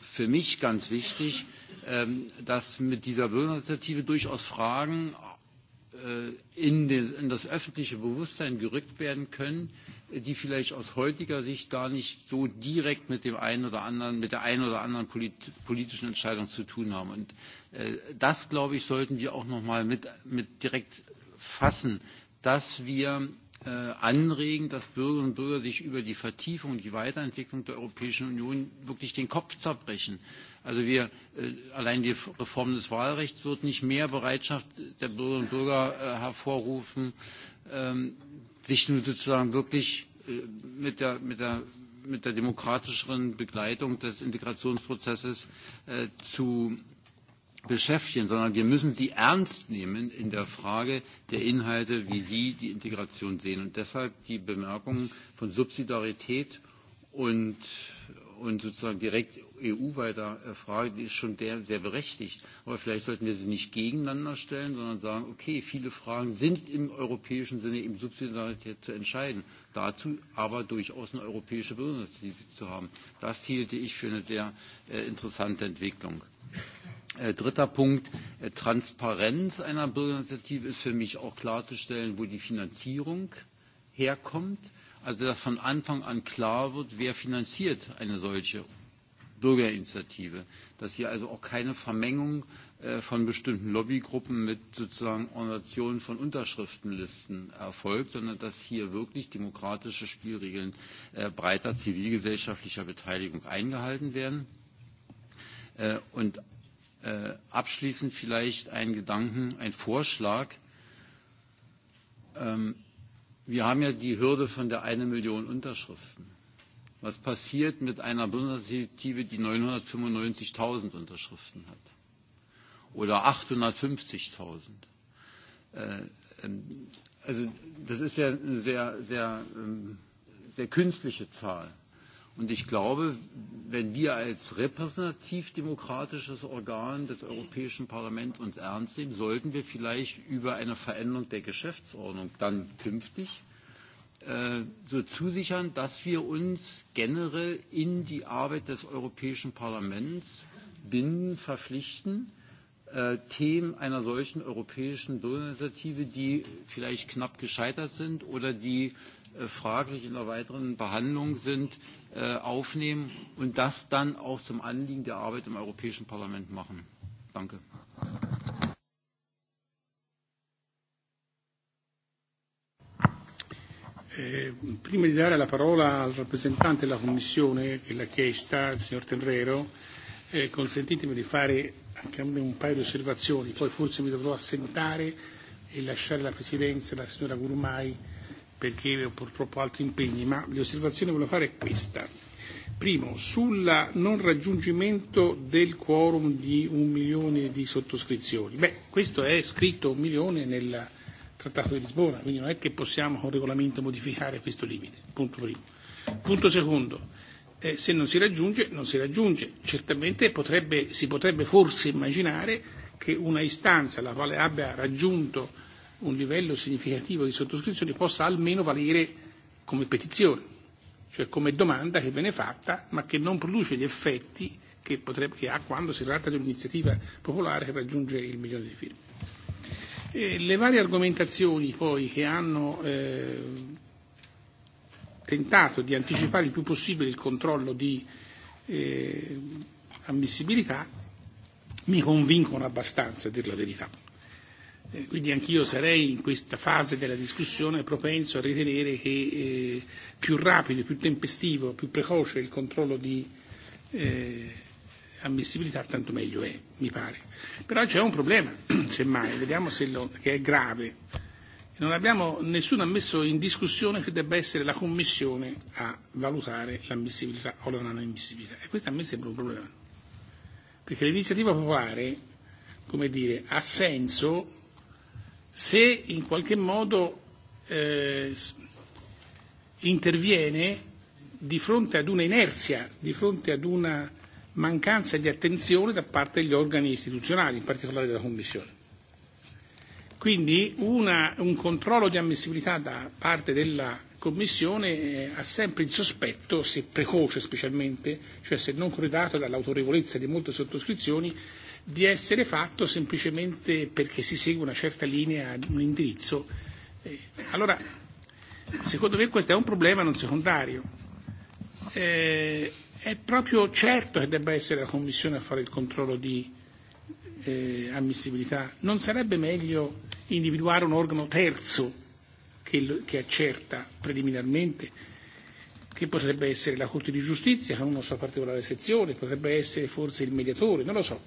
für mich ganz wichtig, äh, Ähm, dass mit dieser Bürgerinitiative durchaus Fragen äh, in, den, in das öffentliche Bewusstsein gerückt werden können, die vielleicht aus heutiger Sicht gar nicht so direkt mit dem einen oder anderen, mit der einen oder anderen polit, politischen Entscheidung zu tun haben. Und äh, das, glaube ich, sollten wir auch nochmal mit, mit direkt fassen, dass wir äh, anregen, dass Bürgerinnen und Bürger sich über die Vertiefung und die Weiterentwicklung der Europäischen Union wirklich den Kopf zerbrechen. Äh, Also wir, äh, allein die Reform des Wahlrechts wird nicht mehr Bereitschaft der Bürgerinnen und Bürger äh, hervorrufen, ähm, sich nun sozusagen wirklich äh, mit der, mit der mit der demokratischeren Begleitung des Integrationsprozesses äh, zu beschäftigen, sondern wir müssen sie ernst nehmen in der Frage der Inhalte, wie sie die Integration sehen. Und deshalb die Bemerkungen von Subsidiarität und, und sozusagen direkt EU-weiter äh, Frage, die ist schon der, sehr berechtigt. Aber vielleicht sollten wir sie nicht gegeneinander stellen, sondern sagen, okay, viele Fragen sind im europäischen Sinne eben Subsidiarität zu entscheiden. Dazu aber durchaus eine europäische Bürgerinitiative zu haben. Das hielte ich für eine sehr äh, interessante Entwicklung. Äh, dritter Punkt, äh, Transparenz einer Bürgerinitiative ist für mich auch klarzustellen, wo die Finanzierung herkommt also dass von Anfang an klar wird, wer finanziert eine solche Bürgerinitiative, dass hier also auch keine Vermengung äh, von bestimmten Lobbygruppen mit sozusagen Organisationen von Unterschriftenlisten erfolgt, sondern dass hier wirklich demokratische Spielregeln äh, breiter zivilgesellschaftlicher Beteiligung eingehalten werden. Äh, und äh, abschließend vielleicht ein Gedanken, ein Vorschlag. Ähm, Wir haben ja die Hürde von der eine Million Unterschriften. Was passiert mit einer Bundesinitiative, die 995.000 Unterschriften hat? Oder 850.000? Äh, ähm, also das ist ja eine sehr, sehr, ähm, sehr künstliche Zahl. Und ich glaube, wenn wir als repräsentativ demokratisches Organ des Europäischen Parlaments uns ernst nehmen, sollten wir vielleicht über eine Veränderung der Geschäftsordnung dann künftig äh, so zusichern, dass wir uns generell in die Arbeit des Europäischen Parlaments binden, verpflichten Äh, Themen einer solchen europäischen Bürgerinitiative, die vielleicht knapp gescheitert sind oder die äh, fraglich in der weiteren Behandlung sind, äh, aufnehmen und das dann auch zum Anliegen der Arbeit im Europäischen Parlament machen. Danke. Eh, prima di dare la parola al rappresentante della Commissione che l'ha chiesta, il signor Tenrero, eh, consentitemi di fare anche a me un paio di osservazioni, poi forse mi dovrò assentare e lasciare la presidenza alla signora Gurumai perché ho purtroppo altri impegni, ma l'osservazione che volevo fare è questa. Primo, sul non raggiungimento del quorum di un milione di sottoscrizioni. Beh, questo è scritto un milione nel Trattato di Lisbona, quindi non è che possiamo con regolamento modificare questo limite. Punto primo. Punto secondo eh, se non si raggiunge, non si raggiunge. Certamente potrebbe, si potrebbe forse immaginare che una istanza la quale abbia raggiunto un livello significativo di sottoscrizioni possa almeno valere come petizione, cioè come domanda che viene fatta ma che non produce gli effetti che, potrebbe, che ha quando si tratta di un'iniziativa popolare che raggiunge il milione di firme. E le varie argomentazioni poi che hanno eh, tentato di anticipare il più possibile il controllo di eh, ammissibilità mi convincono abbastanza, a dir la verità. Eh, quindi anch'io sarei in questa fase della discussione propenso a ritenere che eh, più rapido, più tempestivo, più precoce il controllo di eh, ammissibilità, tanto meglio è, mi pare. Però c'è un problema, semmai, vediamo se lo, che è grave Non abbiamo, nessuno ha messo in discussione che debba essere la Commissione a valutare l'ammissibilità o la non ammissibilità. E questo a me sembra un problema. Perché l'iniziativa popolare, come dire, ha senso se in qualche modo eh, interviene di fronte ad una inerzia, di fronte ad una mancanza di attenzione da parte degli organi istituzionali, in particolare della Commissione. Quindi una, un controllo di ammissibilità da parte della Commissione eh, ha sempre il sospetto, se precoce specialmente, cioè se non corredato dall'autorevolezza di molte sottoscrizioni, di essere fatto semplicemente perché si segue una certa linea, un indirizzo. Eh, allora, secondo me questo è un problema non secondario. Eh, è proprio certo che debba essere la Commissione a fare il controllo di eh, ammissibilità, non sarebbe meglio individuare un organo terzo che, lo, che accerta preliminarmente, che potrebbe essere la Corte di Giustizia con una sua particolare sezione, potrebbe essere forse il mediatore, non lo so.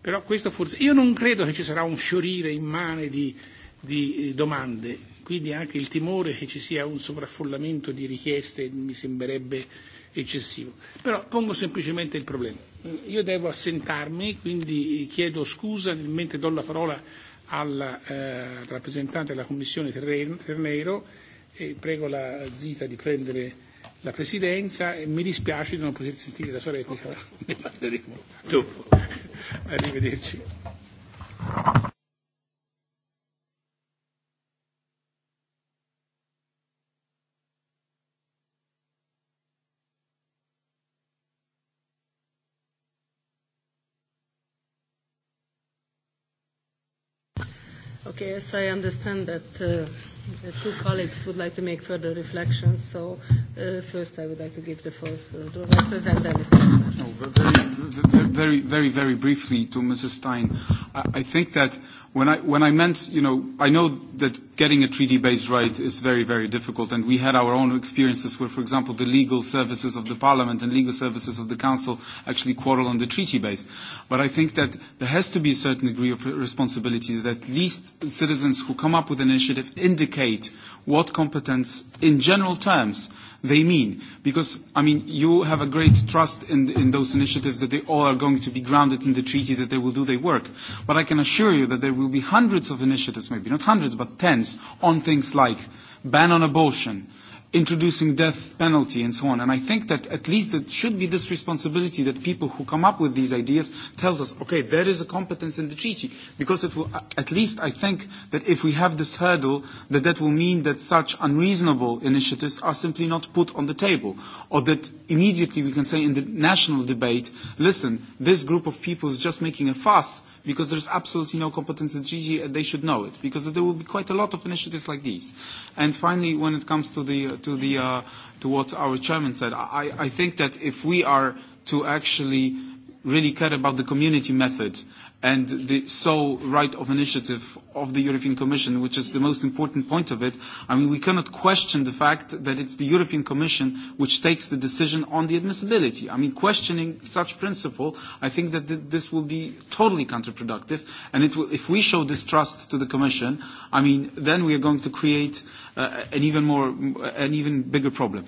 Però questo forse, io non credo che ci sarà un fiorire immane di, di eh, domande, quindi anche il timore che ci sia un sovraffollamento di richieste mi sembrerebbe eccessivo. Però pongo semplicemente il problema Eh, io devo assentarmi, quindi chiedo scusa, mentre do la parola al eh, rappresentante della Commissione Terneiro e prego la Zita di prendere la presidenza e mi dispiace di non poter sentire la sua replica, ne parleremo dopo. Arrivederci. Okay, as I understand that uh, two colleagues would like to make further reflections, so uh, first I would like to give the floor to Vice President Dennis. No, very, very, very, very briefly to Mrs. Stein. I, I think that When I, when I meant, you know, I know that getting a treaty base right is very, very difficult, and we had our own experiences where, for example, the legal services of the Parliament and legal services of the Council actually quarrel on the treaty base. But I think that there has to be a certain degree of responsibility that at least citizens who come up with an initiative indicate what competence, in general terms, they mean. Because, I mean, you have a great trust in, in those initiatives that they all are going to be grounded in the treaty, that they will do their work. But I can assure you that there will will be hundreds of initiatives, maybe not hundreds, but tens, on things like ban on abortion, introducing death penalty and so on. And I think that at least it should be this responsibility that people who come up with these ideas tells us, okay, there is a competence in the treaty, because it will, uh, at least I think that if we have this hurdle, that that will mean that such unreasonable initiatives are simply not put on the table, or that immediately we can say in the national debate, listen, this group of people is just making a fuss because there's absolutely no competence at GG and uh, they should know it because there will be quite a lot of initiatives like these. And finally, when it comes to, the, uh, to, the, uh, to what our chairman said, I, I think that if we are to actually really care about the community method and the sole right of initiative of the European Commission, which is the most important point of it. I mean, we cannot question the fact that it's the European Commission which takes the decision on the admissibility. I mean, questioning such principle, I think that th- this will be totally counterproductive. And it will, if we show distrust to the Commission, I mean, then we are going to create uh, an even more, an even bigger problem.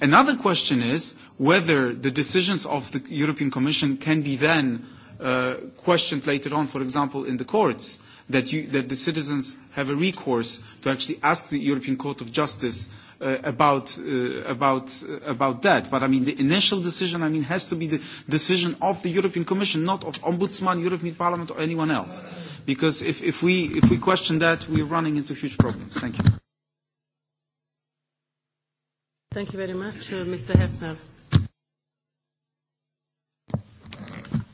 Another question is whether the decisions of the European Commission can be then uh, uh, questioned later on, for example, in the courts, that, you, that the citizens have a recourse to actually ask the European Court of Justice uh, about, uh, about, uh, about that. But I mean, the initial decision, I mean, has to be the decision of the European Commission, not of Ombudsman, European Parliament, or anyone else. Because if, if, we, if we question that, we're running into huge problems. Thank you. Thank you very much, uh, Mr. Hefner.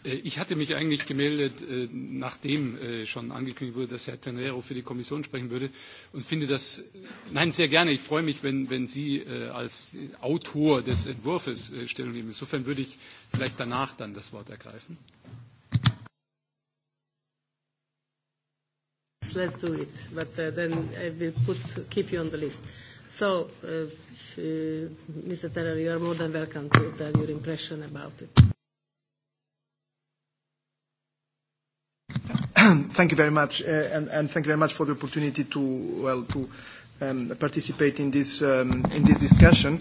Äh, ich hatte mich eigentlich gemeldet, äh, nachdem äh, schon angekündigt wurde, dass Herr Tenero für die Kommission sprechen würde und finde das, nein, sehr gerne. Ich freue mich, wenn, wenn Sie als Autor des Entwurfs Stellung nehmen. Insofern würde ich vielleicht danach dann das Wort ergreifen. Let's do it, but uh, then I will put, keep you on the list. So, uh, uh, Mr. Terrell, you are more than welcome to tell your impression about it. thank you very much, uh, and, and thank you very much for the opportunity to, well, to um, participate in this, um, in this discussion.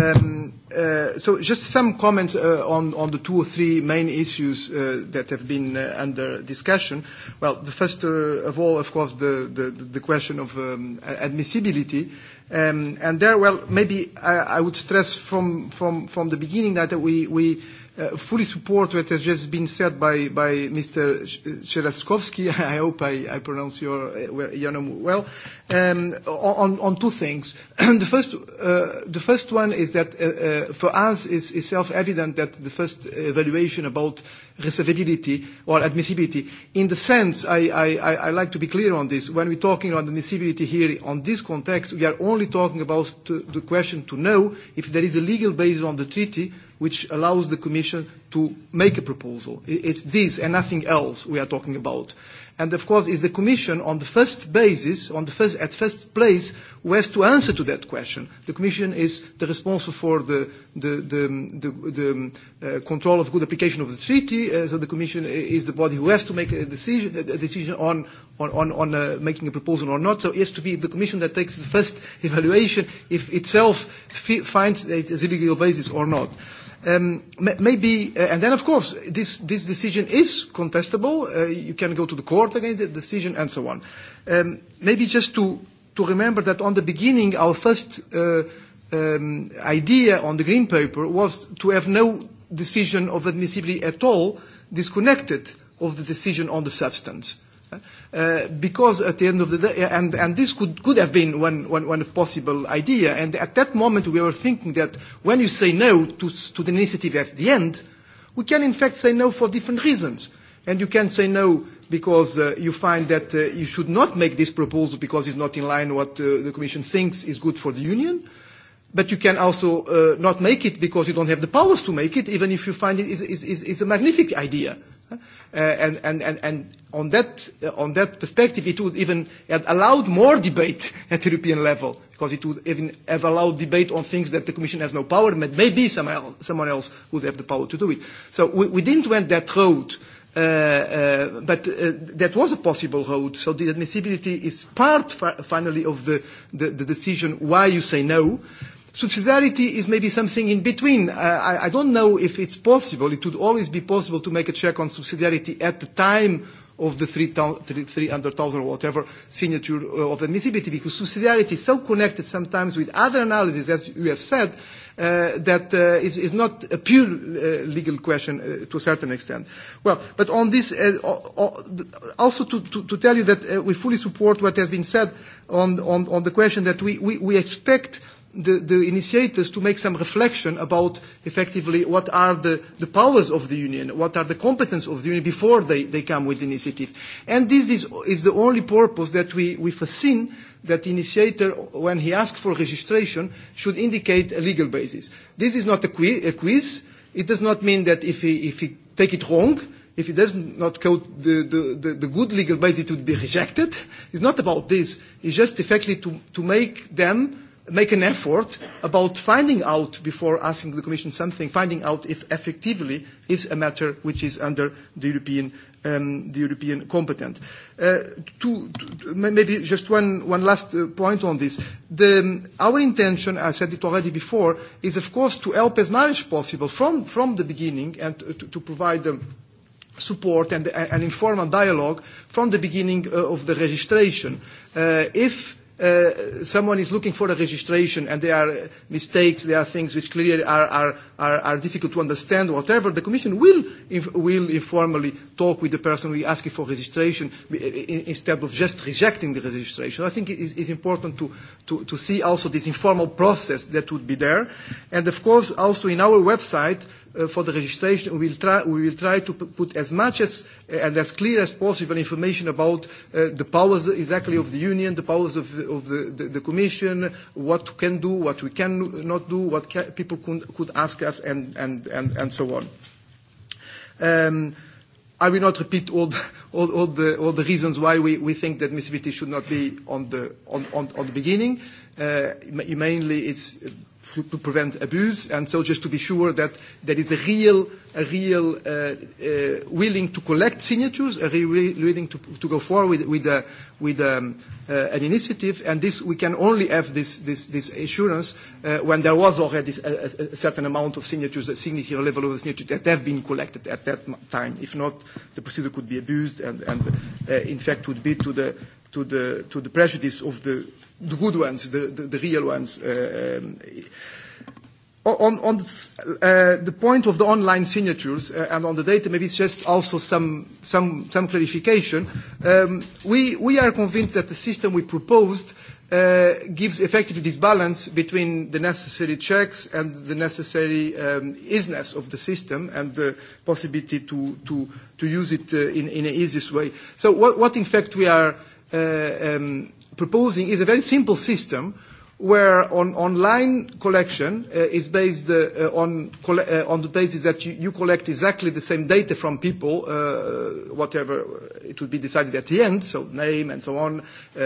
Um, uh, so just some comments uh, on, on the two or three main issues uh, that have been uh, under discussion. Well, the first uh, of all, of course, the, the, the question of um, admissibility. Um, and there, well, maybe I, I would stress from, from, from the beginning that we, we – uh, fully support what has just been said by, by Mr. Cheraskovsky. I hope I, I pronounce your, uh, your name well. Um, on, on two things. the, first, uh, the first one is that uh, uh, for us it's, it's self-evident that the first evaluation about reservability or admissibility. In the sense, I, I, I like to be clear on this, when we're talking about admissibility here on this context, we are only talking about to, the question to know if there is a legal basis on the treaty which allows the Commission to make a proposal. It's this and nothing else we are talking about. And of course, it's the Commission on the first basis, on the first, at first place, who has to answer to that question. The Commission is the responsible for the, the, the, the, the uh, control of good application of the treaty, uh, so the Commission is the body who has to make a decision, a decision on, on, on, on uh, making a proposal or not. So it has to be the Commission that takes the first evaluation if itself fi- finds it as a legal basis or not. Uh, Um, maybe, uh, and then of course, this, this decision is contestable. Uh, you can go to the court against the decision and so on. Um, maybe just to, to remember that on the beginning, our first uh, um, idea on the Green Paper was to have no decision of admissibility at all disconnected of the decision on the substance. Uh, because at the end of the day, and, and this could, could have been one, one, one possible idea. And at that moment, we were thinking that when you say no to, to the initiative at the end, we can in fact say no for different reasons. And you can say no because uh, you find that uh, you should not make this proposal because it's not in line what uh, the Commission thinks is good for the Union. But you can also uh, not make it because you don't have the powers to make it, even if you find it is, is, is, is a magnificent idea. Uh, Uh, and, and, and, and on that, uh, on that perspective, it would even have allowed more debate at European level, because it would even have allowed debate on things that the Commission has no power, but maybe some el- someone else would have the power to do it. So we, we didn't went that road, uh, uh, but uh, that was a possible road. So the admissibility is part, fi- finally, of the, the, the decision why you say no. Uh, Subsidiarity is maybe something in between. Uh, I, I don't know if it's possible. It would always be possible to make a check on subsidiarity at the time of the 300,000 or whatever signature uh, of admissibility, because subsidiarity is so connected sometimes with other analyses, as you have said, uh, that uh, is, is not a pure uh, legal question uh, to a certain extent. Well, but on this, uh, also to, to, to tell you that uh, we fully support what has been said on, on, on the question that we, we, we expect uh, the, the initiators to make some reflection about effectively what are the, the powers of the union, what are the competence of the union before they, they come with the initiative. And this is, is the only purpose that we, we foreseen that the initiator, when he asks for registration, should indicate a legal basis. This is not a, qui- a quiz. It does not mean that if he, if he take it wrong, if it does not quote the, the, the, the good legal basis, it would be rejected. It's not about this. It's just effectively to, to make them make an effort about finding out before asking the Commission something, finding out if effectively is a matter which is under the European, um, the European competent. Uh, to, to, maybe just one, one last uh, point on this. The, um, our intention, I said it already before, is of course to help as much as possible from, from the beginning and to, to provide them. Um, support and an informal dialogue from the beginning uh, of the registration. Uh, if uh, someone is looking for a registration and there are mistakes, there are things which clearly are, are, are, are difficult to understand, whatever, the Commission will, inf- will informally talk with the person who is asking for registration instead of just rejecting the registration. I think it is, is important to, to, to see also this informal process that would be there. And of course, also in our website, uh, for the registration, we will try, we will try to put as much as, uh, and as clear as possible information about uh, the powers exactly of the Union, the powers of, of the, the, the Commission, what we can do, what we cannot do, what ca people could, could ask us, and, and, and, and so on. Um, I will not repeat all the, all, all the, all the reasons why we, we think that Mississippi should not be on the, on, on, on the beginning. Uh, uh, mainly it's uh, to prevent abuse, and so just to be sure that there is a real, a real uh, uh, willing to collect signatures, a real willing to, to go forward with, with, a, uh, with um, uh, an initiative, and this we can only have this, this, this assurance uh, when there was already a, a, a certain amount of signatures, a signature level of the signatures that have been collected at that time. If not, the procedure could be abused, and, and uh, in fact would be to the to the to the prejudice of the the good ones, the, the, the real ones. Uh, um, on, on uh, the point of the online signatures uh, and on the data, maybe it's just also some, some, some clarification. Um, we, we are convinced that the system we proposed uh, gives effectively this balance between the necessary checks and the necessary um, easiness of the system and the possibility to, to, to use it uh, in, in the easiest way. So what, what in fact we are uh, um, proposing is a very simple system where on online collection uh, is based uh, uh on, uh, on the basis that you, you collect exactly the same data from people, uh, whatever uh, it would be decided at the end, so name and so on, uh,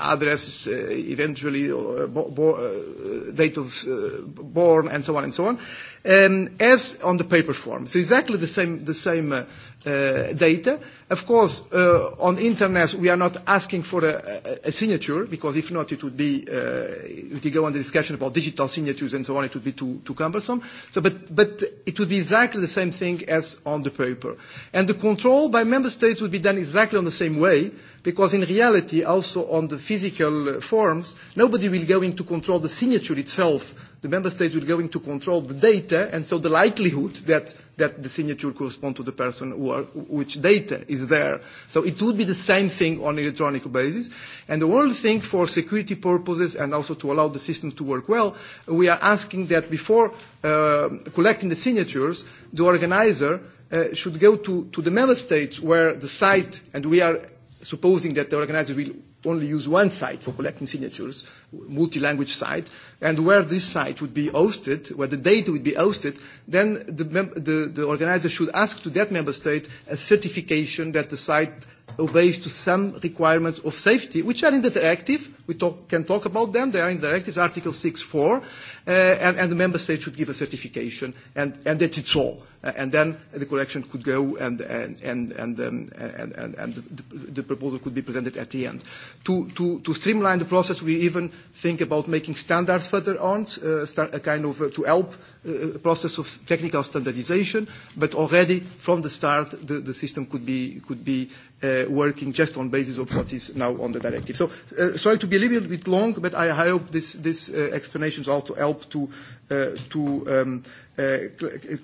address, uh, eventually uh, bo- bo- uh, date of uh, born, and so on and so on, um, as on the paper form. So exactly the same, the same uh, uh, data. Uh, Of course, uh, on internet, we are not asking for a, a, a signature, because if not, it would be, uh, if you go on the discussion about digital signatures and so on, it would be too, too cumbersome. So, but, but it would be exactly the same thing as on the paper. And the control by member states would be done exactly on the same way, uh, because in reality, also on the physical uh, forms, nobody will go into control the signature itself. The member states will go into control the data, and so the likelihood that, that the signature corresponds to the person who are, which data is there. So it would be the same thing on electronic basis. And the only thing for security purposes and also to allow the system to work well, we are asking that before uh, collecting the signatures, the organizer uh, should go to, to the member states where the site, and we are supposing that the organizer will only use one site for collecting signatures, multi-language site, and where this site would be hosted, where the data would be hosted, then the, mem- the, the organizer should ask to that member state a certification that the site obeys to some requirements of safety, which are in the directive, We talk, can talk about them. They are in directives, Article 6.4, uh, and, and the member state should give a certification, and, and that's it's all. Uh, and then the collection could go, and, and, and, and, um, and, and, and the, the proposal could be presented at the end. To, to, to streamline the process, we even think about making standards further on, uh, start a kind of uh, to help uh, uh, process of technical standardization, but already from the start the, the system could be, could be uh, working just on basis of what is now on the directive. So uh, sorry to be a little bit long, but I, I hope this, this uh, explanations also help to, uh, to, um, uh,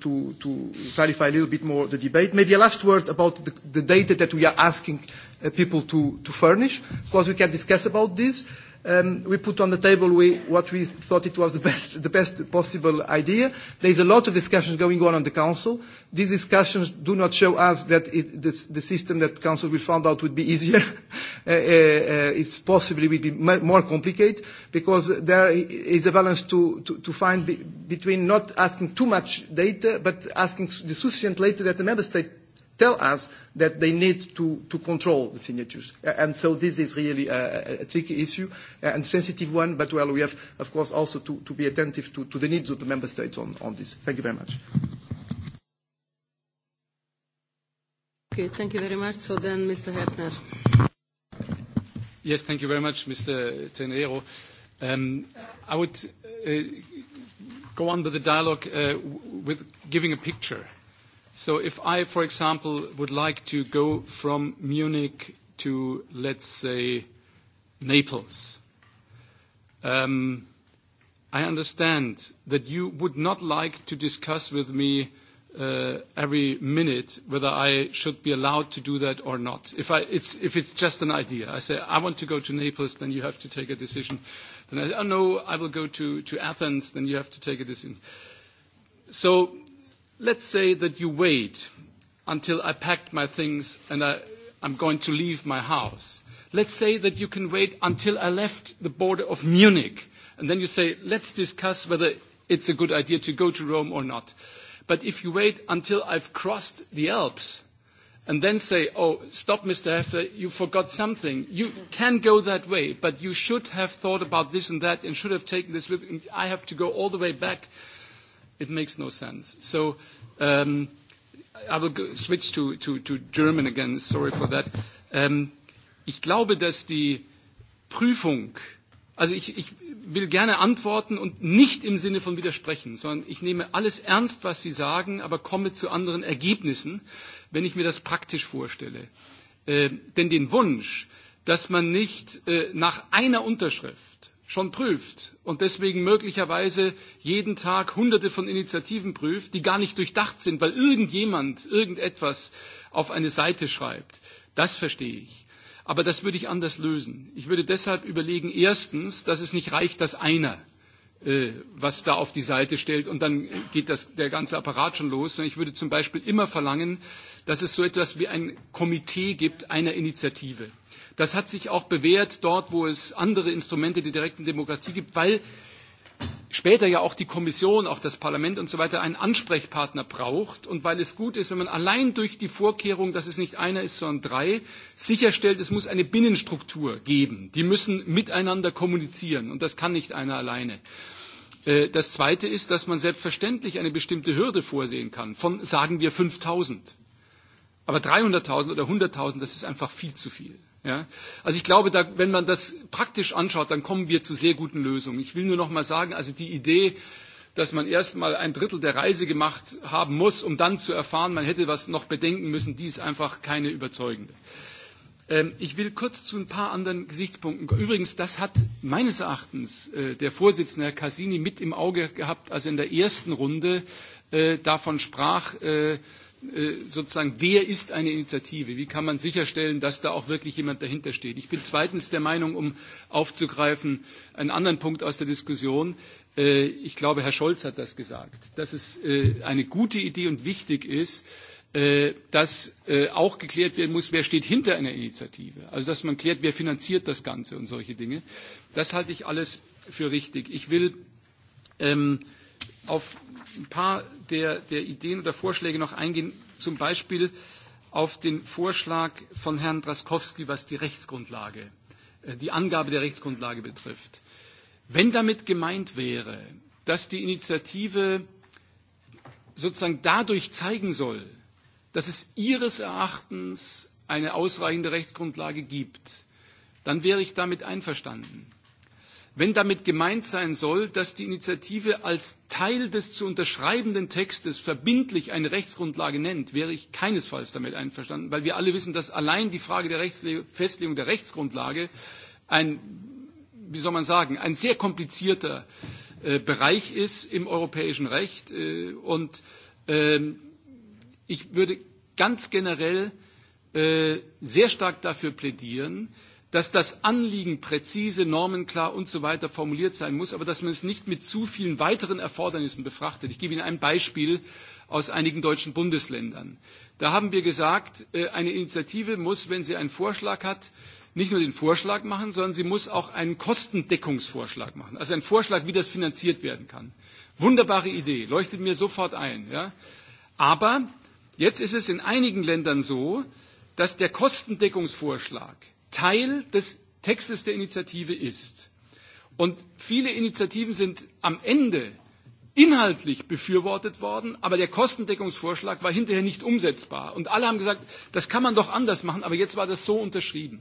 to, to clarify a little bit more the debate. Maybe a last word about the, the data that we are asking uh, people to, to furnish, because we can discuss about this. Uh, um, we put on the table we, what we thought it was the best, the best possible idea. There is a lot of discussions going on on the Council. These discussions do not show us that it, the, the system that Council will find out would be easier. Uh, uh, uh, it's possibly will be more complicated because there is a balance to, to, to find be, between not asking too much data but asking the sufficient data that the member state tell us that they need to, to control the signatures. And so this is really a, a tricky issue and sensitive one, but well, we have, of course, also to, to be attentive to, to the needs of the member states on, on this. Thank you very much. Okay, thank you very much. So then, Mr. Hefner. Yes, thank you very much, Mr. Tenero. Um, I would uh, go on with the dialogue uh, with giving a picture So if I, for example, would like to go from Munich to, let's say, Naples, um, I understand that you would not like to discuss with me uh, every minute whether I should be allowed to do that or not. If, I, it's, if it's just an idea, I say, I want to go to Naples, then you have to take a decision. Then I say, oh no, I will go to, to Athens, then you have to take a decision. So let's say that you wait until I packed my things and I, I'm going to leave my house. Let's say that you can wait until I left the border of Munich. And then you say, let's discuss whether it's a good idea to go to Rome or not. But if you wait until I've crossed the Alps and then say, oh, stop, Mr. Hefner, you forgot something, you can go that way, but you should have thought about this and that and should have taken this with, I have to go all the way back. Uh, It makes no sense. So um, I will go, switch to, to, to German again. Sorry for that. Ähm, ich glaube, dass die Prüfung, also ich, ich will gerne antworten und nicht im Sinne von widersprechen, sondern ich nehme alles ernst, was Sie sagen, aber komme zu anderen Ergebnissen, wenn ich mir das praktisch vorstelle. Äh, denn den Wunsch, dass man nicht äh, nach einer Unterschrift schon prüft und deswegen möglicherweise jeden Tag Hunderte von Initiativen prüft, die gar nicht durchdacht sind, weil irgendjemand irgendetwas auf eine Seite schreibt. Das verstehe ich. Aber das würde ich anders lösen. Ich würde deshalb überlegen, erstens, dass es nicht reicht, dass einer Äh, was da auf die Seite stellt. Und dann geht das, der ganze Apparat schon los. Ich würde zum Beispiel immer verlangen, dass es so etwas wie ein Komitee gibt einer Initiative. Das hat sich auch bewährt dort, wo es andere Instrumente der direkten Demokratie gibt, weil später ja auch die Kommission, auch das Parlament und so weiter einen Ansprechpartner braucht und weil es gut ist, wenn man allein durch die Vorkehrung, dass es nicht einer ist, sondern drei, sicherstellt, es muss eine Binnenstruktur geben. Die müssen miteinander kommunizieren und das kann nicht einer alleine. Äh, das Zweite ist, dass man selbstverständlich eine bestimmte Hürde vorsehen kann von, sagen wir, 5000. Aber 300.000 oder 100.000, das ist einfach viel zu viel. Ja? Also ich glaube, da, wenn man das praktisch anschaut, dann kommen wir zu sehr guten Lösungen. Ich will nur noch mal sagen, also die Idee, dass man erst mal ein Drittel der Reise gemacht haben muss, um dann zu erfahren, man hätte was noch bedenken müssen, die ist einfach keine überzeugende. Ähm, ich will kurz zu ein paar anderen Gesichtspunkten. Übrigens, das hat meines Erachtens äh, der Vorsitzende Herr Cassini mit im Auge gehabt, als er in der ersten Runde äh, davon sprach, äh, Äh, sozusagen, wer ist eine Initiative? Wie kann man sicherstellen, dass da auch wirklich jemand dahinter steht? Ich bin zweitens der Meinung, um aufzugreifen, einen anderen Punkt aus der Diskussion. Äh, ich glaube, Herr Scholz hat das gesagt, dass es äh, eine gute Idee und wichtig ist, dass äh, auch geklärt werden muss, wer steht hinter einer Initiative. Also dass man klärt, wer finanziert das Ganze und solche Dinge. Das halte ich alles für richtig. Ich will ähm, auf ein paar der, der Ideen oder Vorschläge noch eingehen, zum Beispiel auf den Vorschlag von Herrn Draskowski, was die Rechtsgrundlage, äh, die Angabe der Rechtsgrundlage betrifft. Wenn damit gemeint wäre, dass die Initiative sozusagen dadurch zeigen soll, dass es Ihres Erachtens eine ausreichende Rechtsgrundlage gibt, dann wäre ich damit einverstanden wenn damit gemeint sein soll, dass die Initiative als Teil des zu unterschreibenden Textes verbindlich eine Rechtsgrundlage nennt, wäre ich keinesfalls damit einverstanden, weil wir alle wissen, dass allein die Frage der Rechtsle Festlegung der Rechtsgrundlage ein, wie soll man sagen, ein sehr komplizierter äh, Bereich ist im europäischen Recht. Äh, und äh, ich würde ganz generell äh, sehr stark dafür plädieren, äh, dass das Anliegen präzise, normenklar und so weiter formuliert sein muss, aber dass man es nicht mit zu vielen weiteren Erfordernissen befrachtet. Ich gebe Ihnen ein Beispiel aus einigen deutschen Bundesländern. Da haben wir gesagt, äh, eine Initiative muss, wenn sie einen Vorschlag hat, nicht nur den Vorschlag machen, sondern sie muss auch einen Kostendeckungsvorschlag machen. Also einen Vorschlag, wie das finanziert werden kann. Wunderbare Idee, leuchtet mir sofort ein. Ja? Aber jetzt ist es in einigen Ländern so, dass der Kostendeckungsvorschlag – Teil des Textes der Initiative ist. Und viele Initiativen sind am Ende inhaltlich befürwortet worden, aber der Kostendeckungsvorschlag war hinterher nicht umsetzbar. Und alle haben gesagt, das kann man doch anders machen, aber jetzt war das so unterschrieben.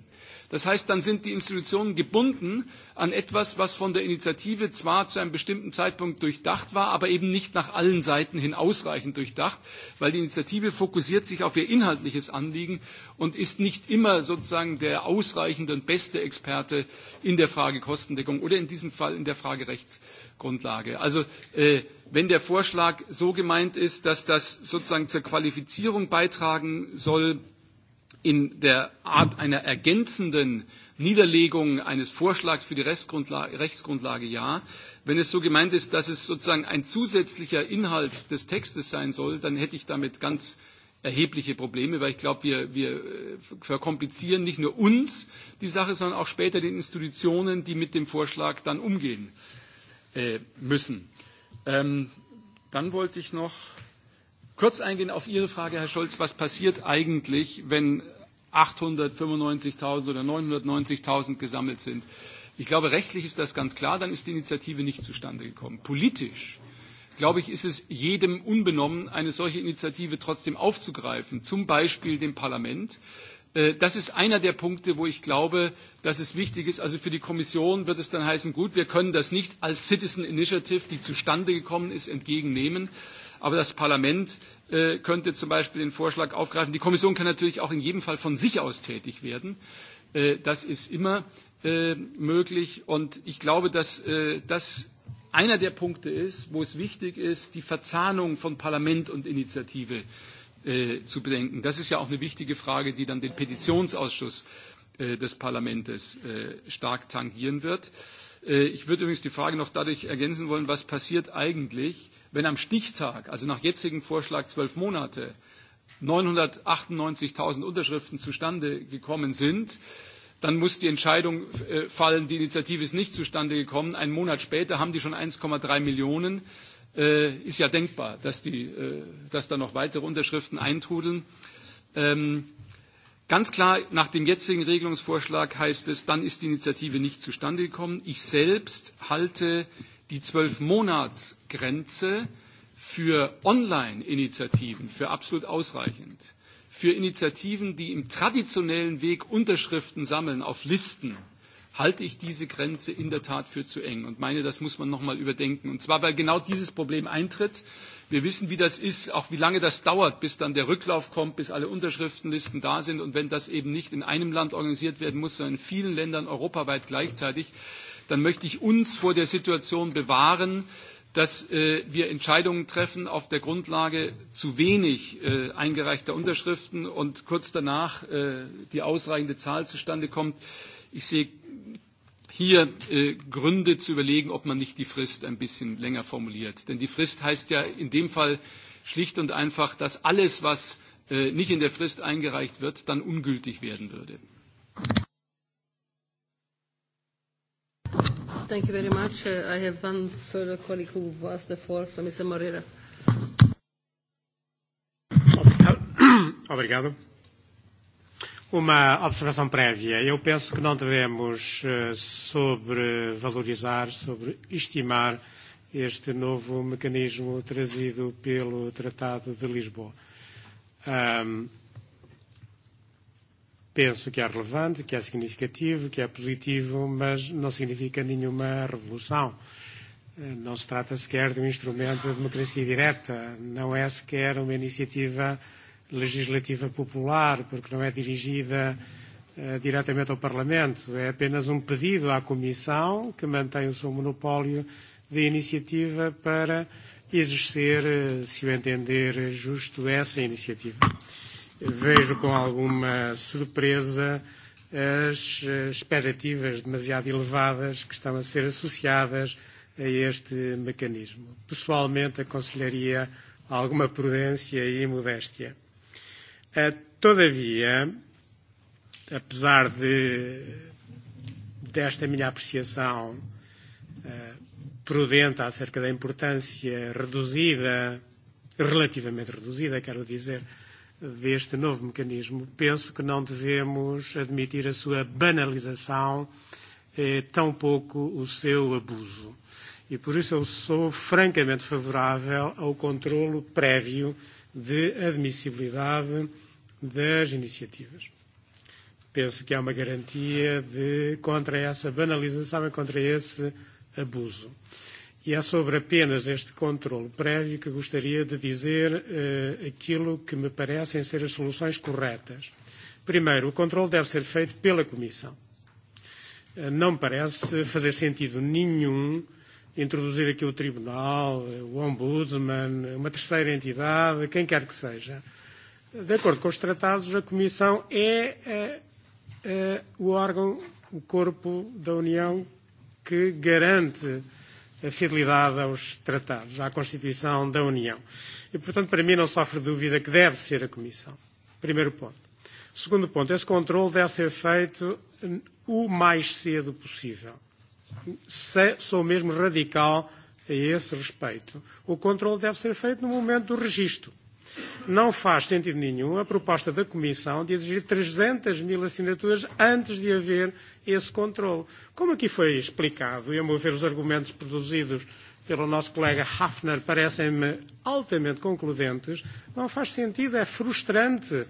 Das heißt, dann sind die Institutionen gebunden an etwas, was von der Initiative zwar zu einem bestimmten Zeitpunkt durchdacht war, aber eben nicht nach allen Seiten hin ausreichend durchdacht, weil die Initiative fokussiert sich auf ihr inhaltliches Anliegen und ist nicht immer sozusagen der ausreichende und beste Experte in der Frage Kostendeckung oder in diesem Fall in der Frage Rechts Grundlage. Also äh, wenn der Vorschlag so gemeint ist, dass das sozusagen zur Qualifizierung beitragen soll, in der Art einer ergänzenden Niederlegung eines Vorschlags für die Rechtsgrundlage, Rechtsgrundlage ja. Wenn es so gemeint ist, dass es sozusagen ein zusätzlicher Inhalt des Textes sein soll, dann hätte ich damit ganz erhebliche Probleme, weil ich glaube, wir, wir äh, verkomplizieren nicht nur uns die Sache, sondern auch später den Institutionen, die mit dem Vorschlag dann umgehen. Äh, äh, müssen. Ähm, dann wollte ich noch kurz eingehen auf Ihre Frage, Herr Scholz, was passiert eigentlich, wenn 895.000 oder 990.000 gesammelt sind? Ich glaube, rechtlich ist das ganz klar, dann ist die Initiative nicht zustande gekommen. Politisch glaube ich, ist es jedem unbenommen, eine solche Initiative trotzdem aufzugreifen, zum Beispiel dem Parlament. Äh, Äh, das ist einer der Punkte, wo ich glaube, dass es wichtig ist. Also für die Kommission wird es dann heißen, gut, wir können das nicht als Citizen Initiative, die zustande gekommen ist, entgegennehmen. Aber das Parlament äh, könnte zum Beispiel den Vorschlag aufgreifen. Die Kommission kann natürlich auch in jedem Fall von sich aus tätig werden. Äh, das ist immer äh, möglich. Und ich glaube, dass äh, das einer der Punkte ist, wo es wichtig ist, die Verzahnung von Parlament und Initiative äh, äh, zu bedenken. Das ist ja auch eine wichtige Frage, die dann den Petitionsausschuss äh, des Parlaments äh, stark tangieren wird. Äh, ich würde übrigens die Frage noch dadurch ergänzen wollen, was passiert eigentlich, wenn am Stichtag, also nach jetzigem Vorschlag zwölf Monate, 998.000 Unterschriften zustande gekommen sind, dann muss die Entscheidung äh, fallen, die Initiative ist nicht zustande gekommen. Einen Monat später haben die schon 1,3 Millionen. Äh, äh, ist ja denkbar, dass, die, äh, dass da noch weitere Unterschriften eintrudeln. Ähm, ganz klar, nach dem jetzigen Regelungsvorschlag heißt es, dann ist die Initiative nicht zustande gekommen. Ich selbst halte die Zwölfmonatsgrenze für Online-Initiativen für absolut ausreichend. Für Initiativen, die im traditionellen Weg Unterschriften sammeln auf Listen, halte ich diese Grenze in der Tat für zu eng und meine, das muss man nochmal überdenken. Und zwar, weil genau dieses Problem eintritt. Wir wissen, wie das ist, auch wie lange das dauert, bis dann der Rücklauf kommt, bis alle Unterschriftenlisten da sind. Und wenn das eben nicht in einem Land organisiert werden muss, sondern in vielen Ländern europaweit gleichzeitig, dann möchte ich uns vor der Situation bewahren, dass äh, wir Entscheidungen treffen auf der Grundlage zu wenig äh, eingereichter Unterschriften und kurz danach äh, die ausreichende Zahl zustande kommt. Ich sehe hier äh, Gründe zu überlegen, ob man nicht die Frist ein bisschen länger formuliert. Denn die Frist heißt ja in dem Fall schlicht und einfach, dass alles, was äh, nicht in der Frist eingereicht wird, dann ungültig werden würde. Thank you very much. Uh, I have one further colleague who asked the floor, so Mr. Moreira. Obrigado. Uma observação prévia. Eu penso que não devemos eh, sobrevalorizar, sobreestimar este novo mecanismo trazido pelo Tratado de Lisboa. Um, penso que é relevante, que é significativo, que é positivo, mas não significa nenhuma revolução. Eh, não se trata sequer de um instrumento de democracia direta, não é sequer uma iniciativa uh, legislativa popular, porque não é dirigida uh, diretamente ao Parlamento. É apenas um pedido à Comissão, que mantém o seu monopólio de iniciativa, para exercer, uh, se o entender justo, essa iniciativa. Vejo com alguma surpresa as eh, expectativas demasiado elevadas que estão a ser associadas a este mecanismo. Pessoalmente, aconselharia alguma prudência e modéstia. Eh, todavia, apesar de, desta minha apreciação eh, prudente acerca da importância reduzida, relativamente reduzida, quero dizer, deste novo mecanismo, penso que não devemos admitir a sua banalização, eh, tampouco o seu abuso. E por isso eu sou francamente favorável ao controlo prévio de admissibilidade das iniciativas. Penso que há uma garantia de, contra essa banalização e contra esse abuso. E é sobre apenas este controle prévio que gostaria de dizer uh, aquilo que me parecem ser as soluções corretas. Primeiro, o controle deve ser feito pela Comissão. Uh, não parece fazer sentido nenhum introduzir aqui o Tribunal, eh, o Ombudsman, uma terceira entidade, quem quer que seja. Uh, de acordo com os tratados, a Comissão é uh, uh, o órgão, o corpo da União que garante a fidelidade aos tratados, à Constituição da União. E, portanto, para mim não sofre dúvida que deve ser a Comissão. Primeiro ponto. Segundo ponto, esse controle deve ser feito o mais cedo possível. Se, sou mesmo radical a esse respeito. O controle deve ser feito no momento do registro Não faz sentido nenhum a proposta da Comissão de exigir 300 mil assinaturas antes de haver esse controle. Como aqui foi explicado, e a meu ver os argumentos produzidos pelo nosso colega Hafner parecem-me altamente concludentes, não faz sentido, é frustrante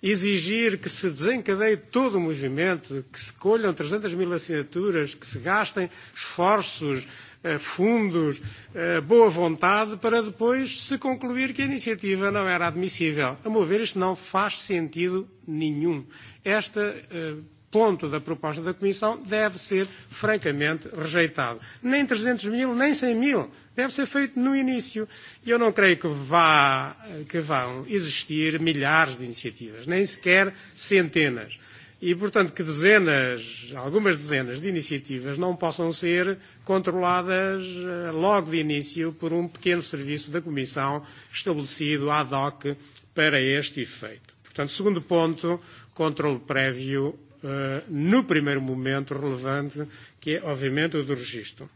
exigir que se desencadeie todo o movimento, que se colham 300 mil assinaturas, que se gastem esforços, eh, fundos, eh, boa vontade, para depois se concluir que a iniciativa não era admissível. A meu ver, isto não faz sentido nenhum. Esta eh, ponto da proposta da Comissão deve ser francamente rejeitado. Nem 300 mil, nem 100 mil. Deve ser feito no início. E eu não creio que, vá, que vão existir milhares de iniciativas, nem sequer centenas. E, portanto, que dezenas, algumas dezenas de iniciativas não possam ser controladas eh, logo de início por um pequeno serviço da Comissão estabelecido ad hoc para este efeito. Portanto, segundo ponto, controle prévio uh, no primeiro momento, relevante, que é, obviamente, o do registro.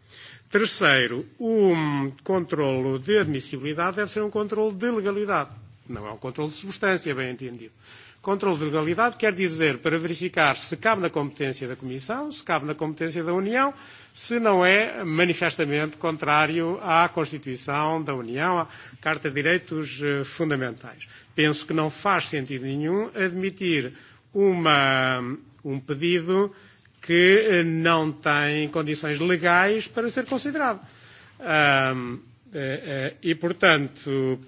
Terceiro, o um controlo de admissibilidade deve ser um controlo de legalidade. Não é um controlo de substância, bem entendido. Controlo de legalidade quer dizer para verificar se cabe na competência da Comissão, se cabe na competência da União, se não é manifestamente contrário à Constituição da União, à Carta de Direitos eh, Fundamentais. Penso que não faz sentido nenhum admitir uma um pedido que eh, não tem condições legais para ser considerado. Um, e, portanto,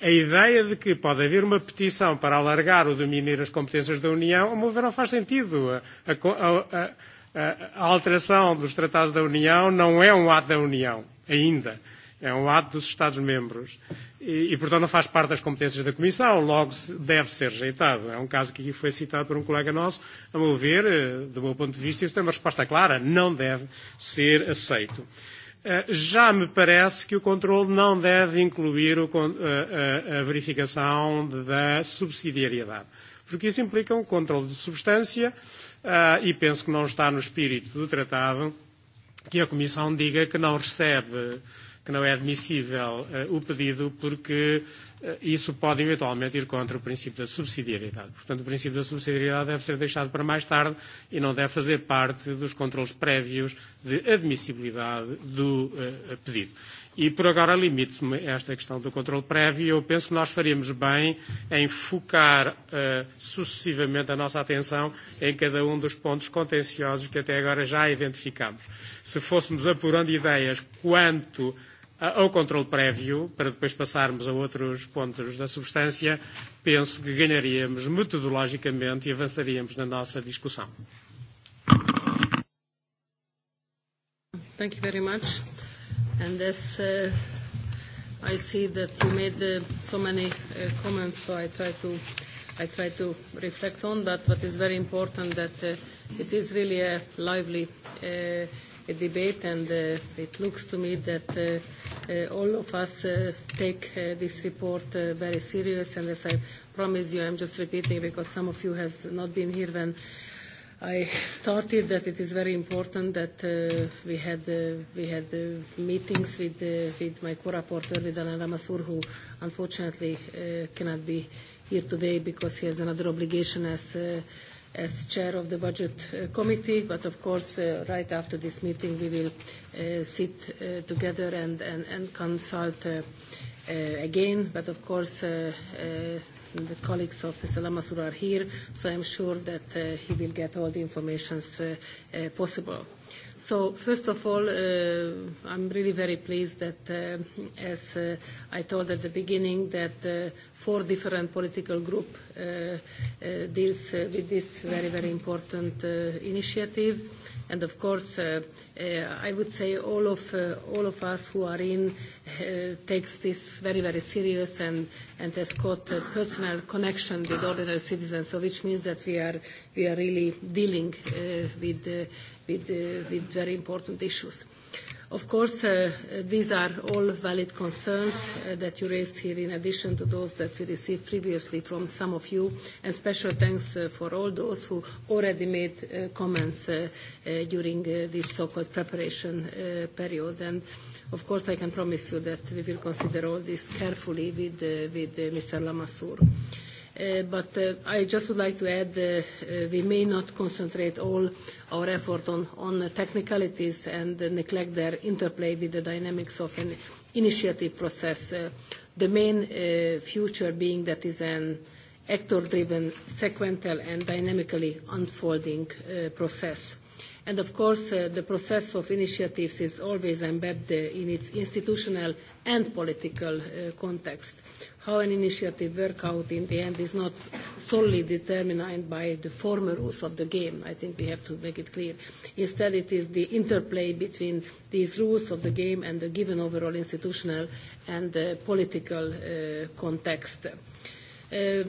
a ideia de que pode haver uma petição para alargar ou diminuir as competências da União, ao meu ver, não faz sentido. A, a, a, a alteração dos tratados da União não é um ato da União, ainda. Uh, É um ato dos Estados-membros. E, e, portanto, não faz parte das competências da Comissão, logo deve ser rejeitado. É um caso que aqui foi citado por um colega nosso. A meu ver, eh, do meu ponto de vista, isso tem uma resposta clara. Não deve ser aceito. Eh, já me parece que o controle não deve incluir o, a, a, eh, a verificação da subsidiariedade porque isso implica um controle de substância uh, e penso que não está no espírito do tratado que a Comissão diga que não recebe que não é admissível uh, o pedido, porque uh, isso pode eventualmente ir contra o princípio da subsidiariedade. Portanto, o princípio da subsidiariedade deve ser deixado para mais tarde e não deve fazer parte dos controles prévios de admissibilidade do uh, pedido. E por agora limite-me a esta questão do controle prévio. Eu penso que nós faríamos bem em focar uh, sucessivamente a nossa atenção em cada um dos pontos contenciosos que até agora já identificamos. Se fôssemos apurando ideias quanto ao controle prévio, para depois passarmos a outros pontos da substância, penso que ganharíamos metodologicamente e avançaríamos na nossa discussão. Thank you very much. And as uh, I see that you made uh, so many uh, comments, so I try to I try to reflect on that. But it's very important that uh, it is really a lively uh, a debate, and uh, it looks to me that uh, uh, all of us uh, take uh, this report uh, very serious. And as I promised you, I'm just repeating because some of you has not been here when. I started that it is very important that uh, we had uh, we had uh, meetings with uh, with my co-rapporteur, with Alan Ramasur, who unfortunately uh, cannot be here today because he has another obligation as uh, as chair of the budget uh, committee, but of course, uh, right after this meeting, we will uh, sit uh, together and, and, and consult uh, uh, again. But of course, uh, uh, the colleagues of Mr. Lamassoure are here, so I'm sure that uh, he will get all the information uh, uh, possible. So first of all, uh, I'm really very pleased that, uh, as uh, I told at the beginning, that uh, four different political group uh, uh, deals uh, with this very, very important uh, initiative. And of course, uh, uh, I would say all of, uh, all of us who are in uh, takes this very, very serious and, and has got a personal connection with ordinary citizens, so which means that we are, we are really dealing uh, with, uh, with, uh, with very important issues. Of course, uh, these are all valid concerns uh, that you raised here in addition to those that we received previously from some of you, and special thanks uh, for all those who already made uh, comments uh, uh, during this so-called preparation period. And of course, I can promise you that we will consider all this carefully with, with Mr. Lamassoure. Uh, but uh, I just would like to add uh, uh, we may not concentrate all our effort on, on uh, technicalities and uh, neglect their interplay with the dynamics of an initiative process. Uh, the main uh, future being that is an actor-driven, sequential and dynamically unfolding uh, process. And of course, uh, the process of initiatives is always embedded in its institutional and political uh, context how an initiative works out in the end is not solely determined by the former rules of the game. I think we have to make it clear. Instead, it is the interplay between these rules of the game and the given overall institutional and uh, political uh, context. Uh,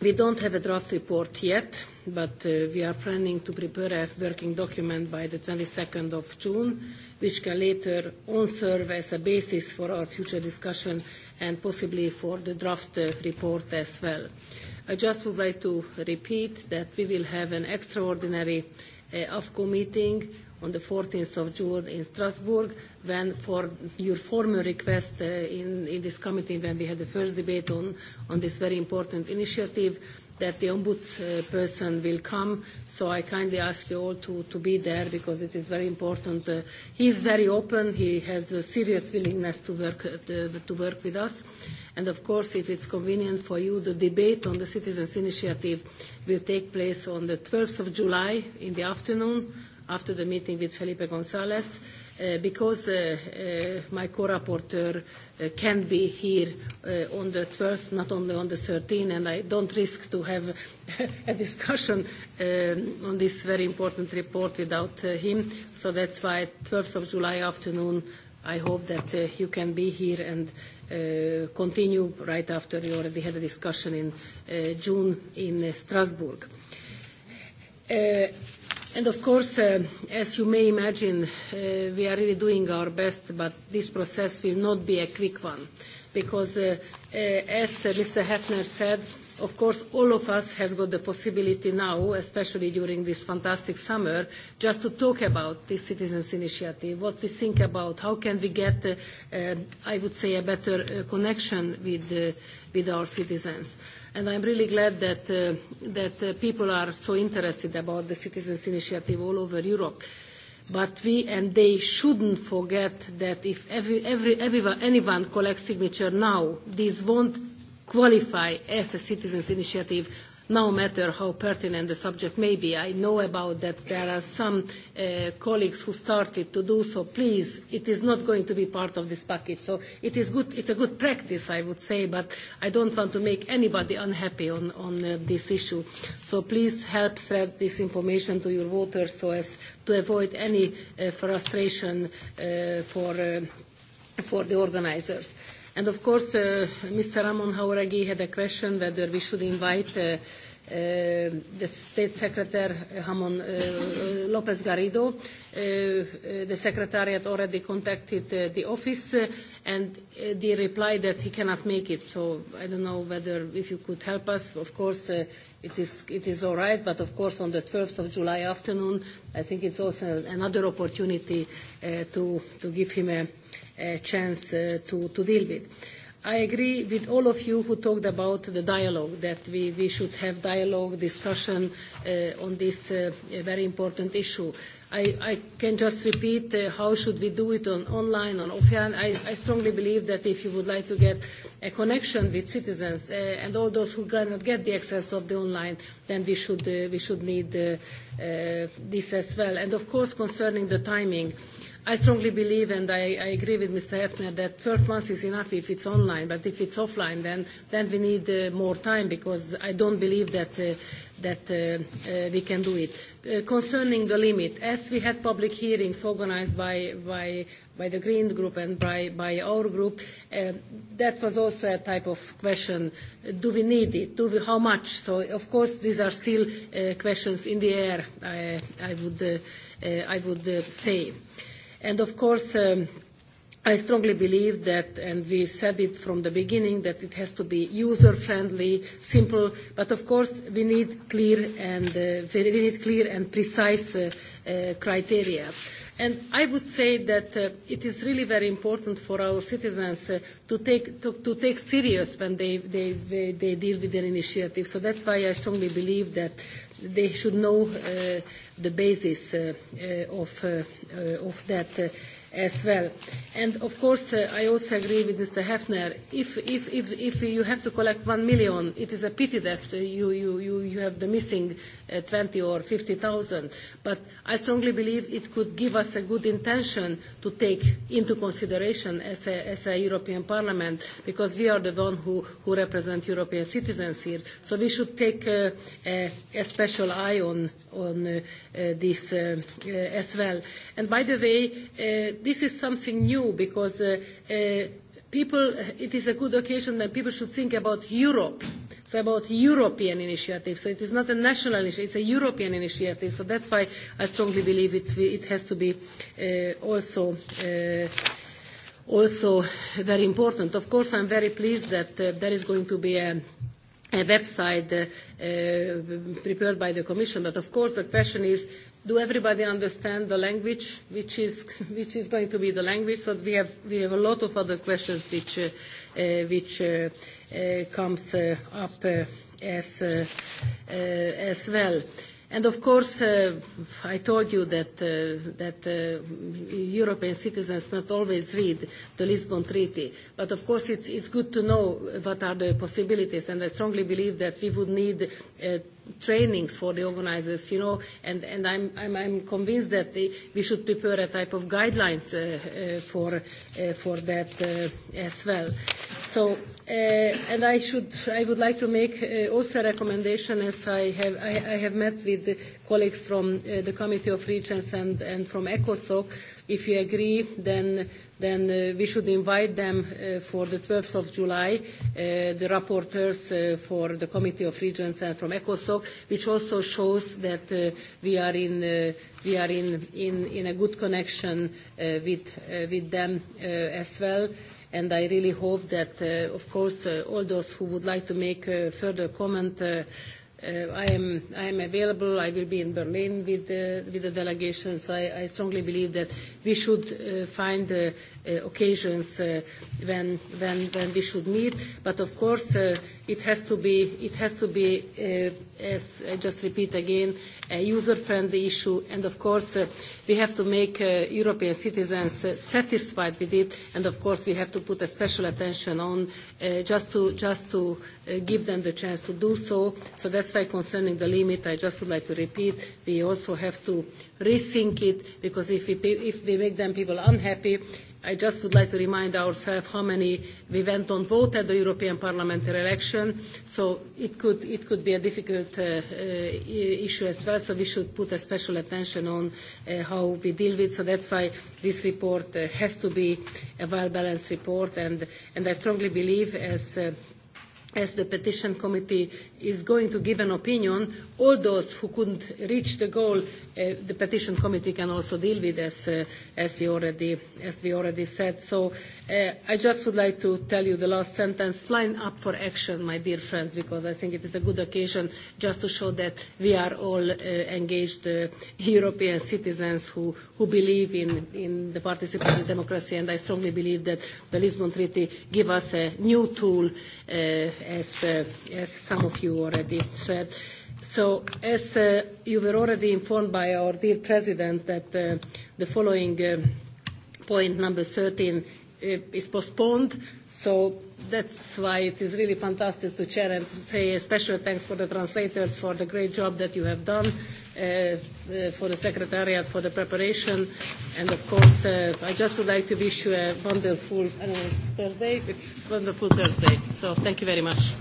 we don't have a draft report yet, but uh, we are planning to prepare a working document by the 22nd of June, which can later on serve as a basis for our future discussion uh, and possibly for the draft uh, report as well. I just would like to repeat that we will have an extraordinary uh, AFCO meeting on the 14th of June in Strasbourg, when for your former request uh, in, in this committee, when we had the first debate on, on this very important initiative, that the ombudsperson uh, will come. So I kindly ask you all to, to be there because it is very important. Uh, he is very open. He has a serious willingness to work, uh, to, to work with us. And of course, if it's convenient for you, the debate on the Citizens' Initiative will take place on the 12th of July in the afternoon after the meeting with Felipe González. Uh, uh, because uh, uh, my co-rapporteur uh, can be here uh, on the 12th, not only on the 13th, and I don't risk to have a discussion uh, on this very important report without uh, him. So that's why 12th of July afternoon, I hope that uh, you can be here and uh, continue right after you already had a discussion in uh, June in uh, Strasbourg. Uh, And of course, uh, as you may imagine, uh, we are really doing our best, but this process will not be a quick one because, uh, uh, as uh, Mr. Hefner said, of course, all of us has got the possibility now, especially during this fantastic summer, just to talk about this citizens' initiative, what we think about, how can we get, uh, uh, I would say, a better uh, connection with, uh, with our citizens. Uh, and I'm really glad that, uh, that uh, people are so interested about the citizens' initiative all over Europe. But we and they shouldn't forget that if every, every, everyone, anyone collects signature now, this won't qualify as a citizens' initiative no matter how pertinent the subject may be. I know about that there are some uh, colleagues who started to do so. Please, it is not going to be part of this package. So it is good, it's a good practice, I would say, but I don't want to make anybody unhappy on, on uh, this issue. So please help thread this information to your voters so as to avoid any uh, frustration uh, for, uh, for the organizers. Uh, And of course, uh, Mr. Ramon Jauregui had a question whether we should invite uh, Uh, the State Secretary uh, Ramon uh, uh López Garrido. Uh, uh the Secretariat already contacted the office, and they replied that he cannot make it. So I don't know whether if you could help us. Of course, it is, it is all right, but of course, on the 12th of July afternoon, I think it's also another opportunity to, to give him a uh, chance uh, to, to deal with. I agree with all of you who talked about the dialogue, that we, we should have dialogue, discussion uh, on this uh, very important issue. I, I can just repeat uh, how should we do it on online, on offline. I, I strongly believe that if you would like to get a connection with citizens uh, and all those who cannot get the access of the online, then we should, uh, we should need uh, uh, this as well. And of course, concerning the timing, uh, I strongly believe, and I, I agree with Mr. Hefner, that 12 months is enough if it's online, but if it's offline, then, then we need uh, more time because I don't believe that, uh, that uh, uh, we can do it. Uh, concerning the limit, as we had public hearings organized by, by, by the Green Group and by, by our group, uh, that was also a type of question. Uh, do we need it? Do we, how much? So, of course, these are still uh, questions in the air, I, I would, uh, uh, I would uh, say. Uh, And of course, um, I strongly believe that, and we said it from the beginning, that it has to be user-friendly, simple, but of course we need clear and, uh, we need clear and precise uh, uh, criteria. And I would say that uh, it is really very important for our citizens uh, to, take, to, to take serious when they, they, they, they deal with their initiative. So that's why I strongly believe that they should know uh, the basis uh, uh, of, uh, uh, of that. Uh, as well. And of course, uh, I also agree with Mr. Hefner. If, if, if, if you have to collect one million, it is a pity that uh, you, you, you, you have the missing uh, 20 or 50,000. But I strongly believe it could give us a good intention to take into consideration as a, as a European Parliament, because we are the one who, who represent European citizens here. So we should take uh, a, uh, a special eye on, on uh, uh, this uh, uh, as well. And by the way, uh, this is something new because uh, uh, people, it is a good occasion that people should think about Europe, so about European initiative. So it is not a national initiative, it's a European initiative. So that's why I strongly believe it, it has to be uh, also uh, also very important. Of course, I'm very pleased that uh, there is going to be a a website uh, uh, prepared by the Commission. But of course, the question is, do everybody understand the language, which is which is going to be the language? So we have we have a lot of other questions which uh, uh, which uh, uh, comes uh, up uh, as uh, uh, as well. Uh, And of course, uh, I told you that, uh, that uh, European citizens not always read the Lisbon Treaty, but of course it's, it's good to know what are the possibilities, and I strongly believe that we would need uh, trainings for the organizers, you know, and, and I'm, I'm, I'm convinced that the, we should prepare a type of guidelines uh, uh, for, uh, for that uh, as well. So, uh, and I should, I would like to make uh, also a recommendation as I have, I, I have met with the colleagues from uh, the Committee of Regions and, and from ECOSOC, if you agree, then, then uh, we should invite them uh, for the 12th of July, uh, the rapporteurs uh, for the Committee of Regions and from ECOSOC, which also shows that uh, we are, in, uh, we are in, in, in a good connection uh, with, uh, with them uh, as well and I really hope that, uh, of course, uh, all those who would like to make a uh, further comment uh, Uh, I, am, I am available. I will be in Berlin with, uh, with the delegation. So I, I strongly believe that we should uh, find uh, uh, occasions uh, when, when, when we should meet. But of course, uh, it has to be, it has to be uh, as I just repeat again, a user-friendly issue. And of course, uh, we have to make uh, European citizens uh, satisfied with it. And of course, we have to put a special attention on uh, just to, just to uh, give them the chance to do so. So that's why concerning the limit, I just would like to repeat, we also have to rethink it because if we, if we make them people unhappy, I just would like to remind ourselves how many we went on vote at the European parliamentary election, so it could, it could be a difficult uh, uh, issue as well, so we should put a special attention on uh, how we deal with, so that's why this report uh, has to be a well-balanced report, and, and I strongly believe, as uh, as the petition committee is going to give an opinion. All those who couldn't reach the goal, uh, the petition committee can also deal with, as, uh, as, we, already, as we already said. So uh, I just would like to tell you the last sentence, line up for action, my dear friends, because I think it is a good occasion just to show that we are all uh, engaged uh, European citizens who, who believe in, in the participatory democracy, and I strongly believe that the Lisbon Treaty gives us a new tool, uh, as, uh, as some of you you already said. So as uh, you were already informed by our dear President that uh, the following uh, point, number 13, uh, is postponed. So that's why it is really fantastic to chair and to say a special thanks for the translators for the great job that you have done, uh, uh, for the secretariat for the preparation, and of course uh, I just would like to wish you a wonderful I don't know, Thursday. It's wonderful Thursday. So thank you very much.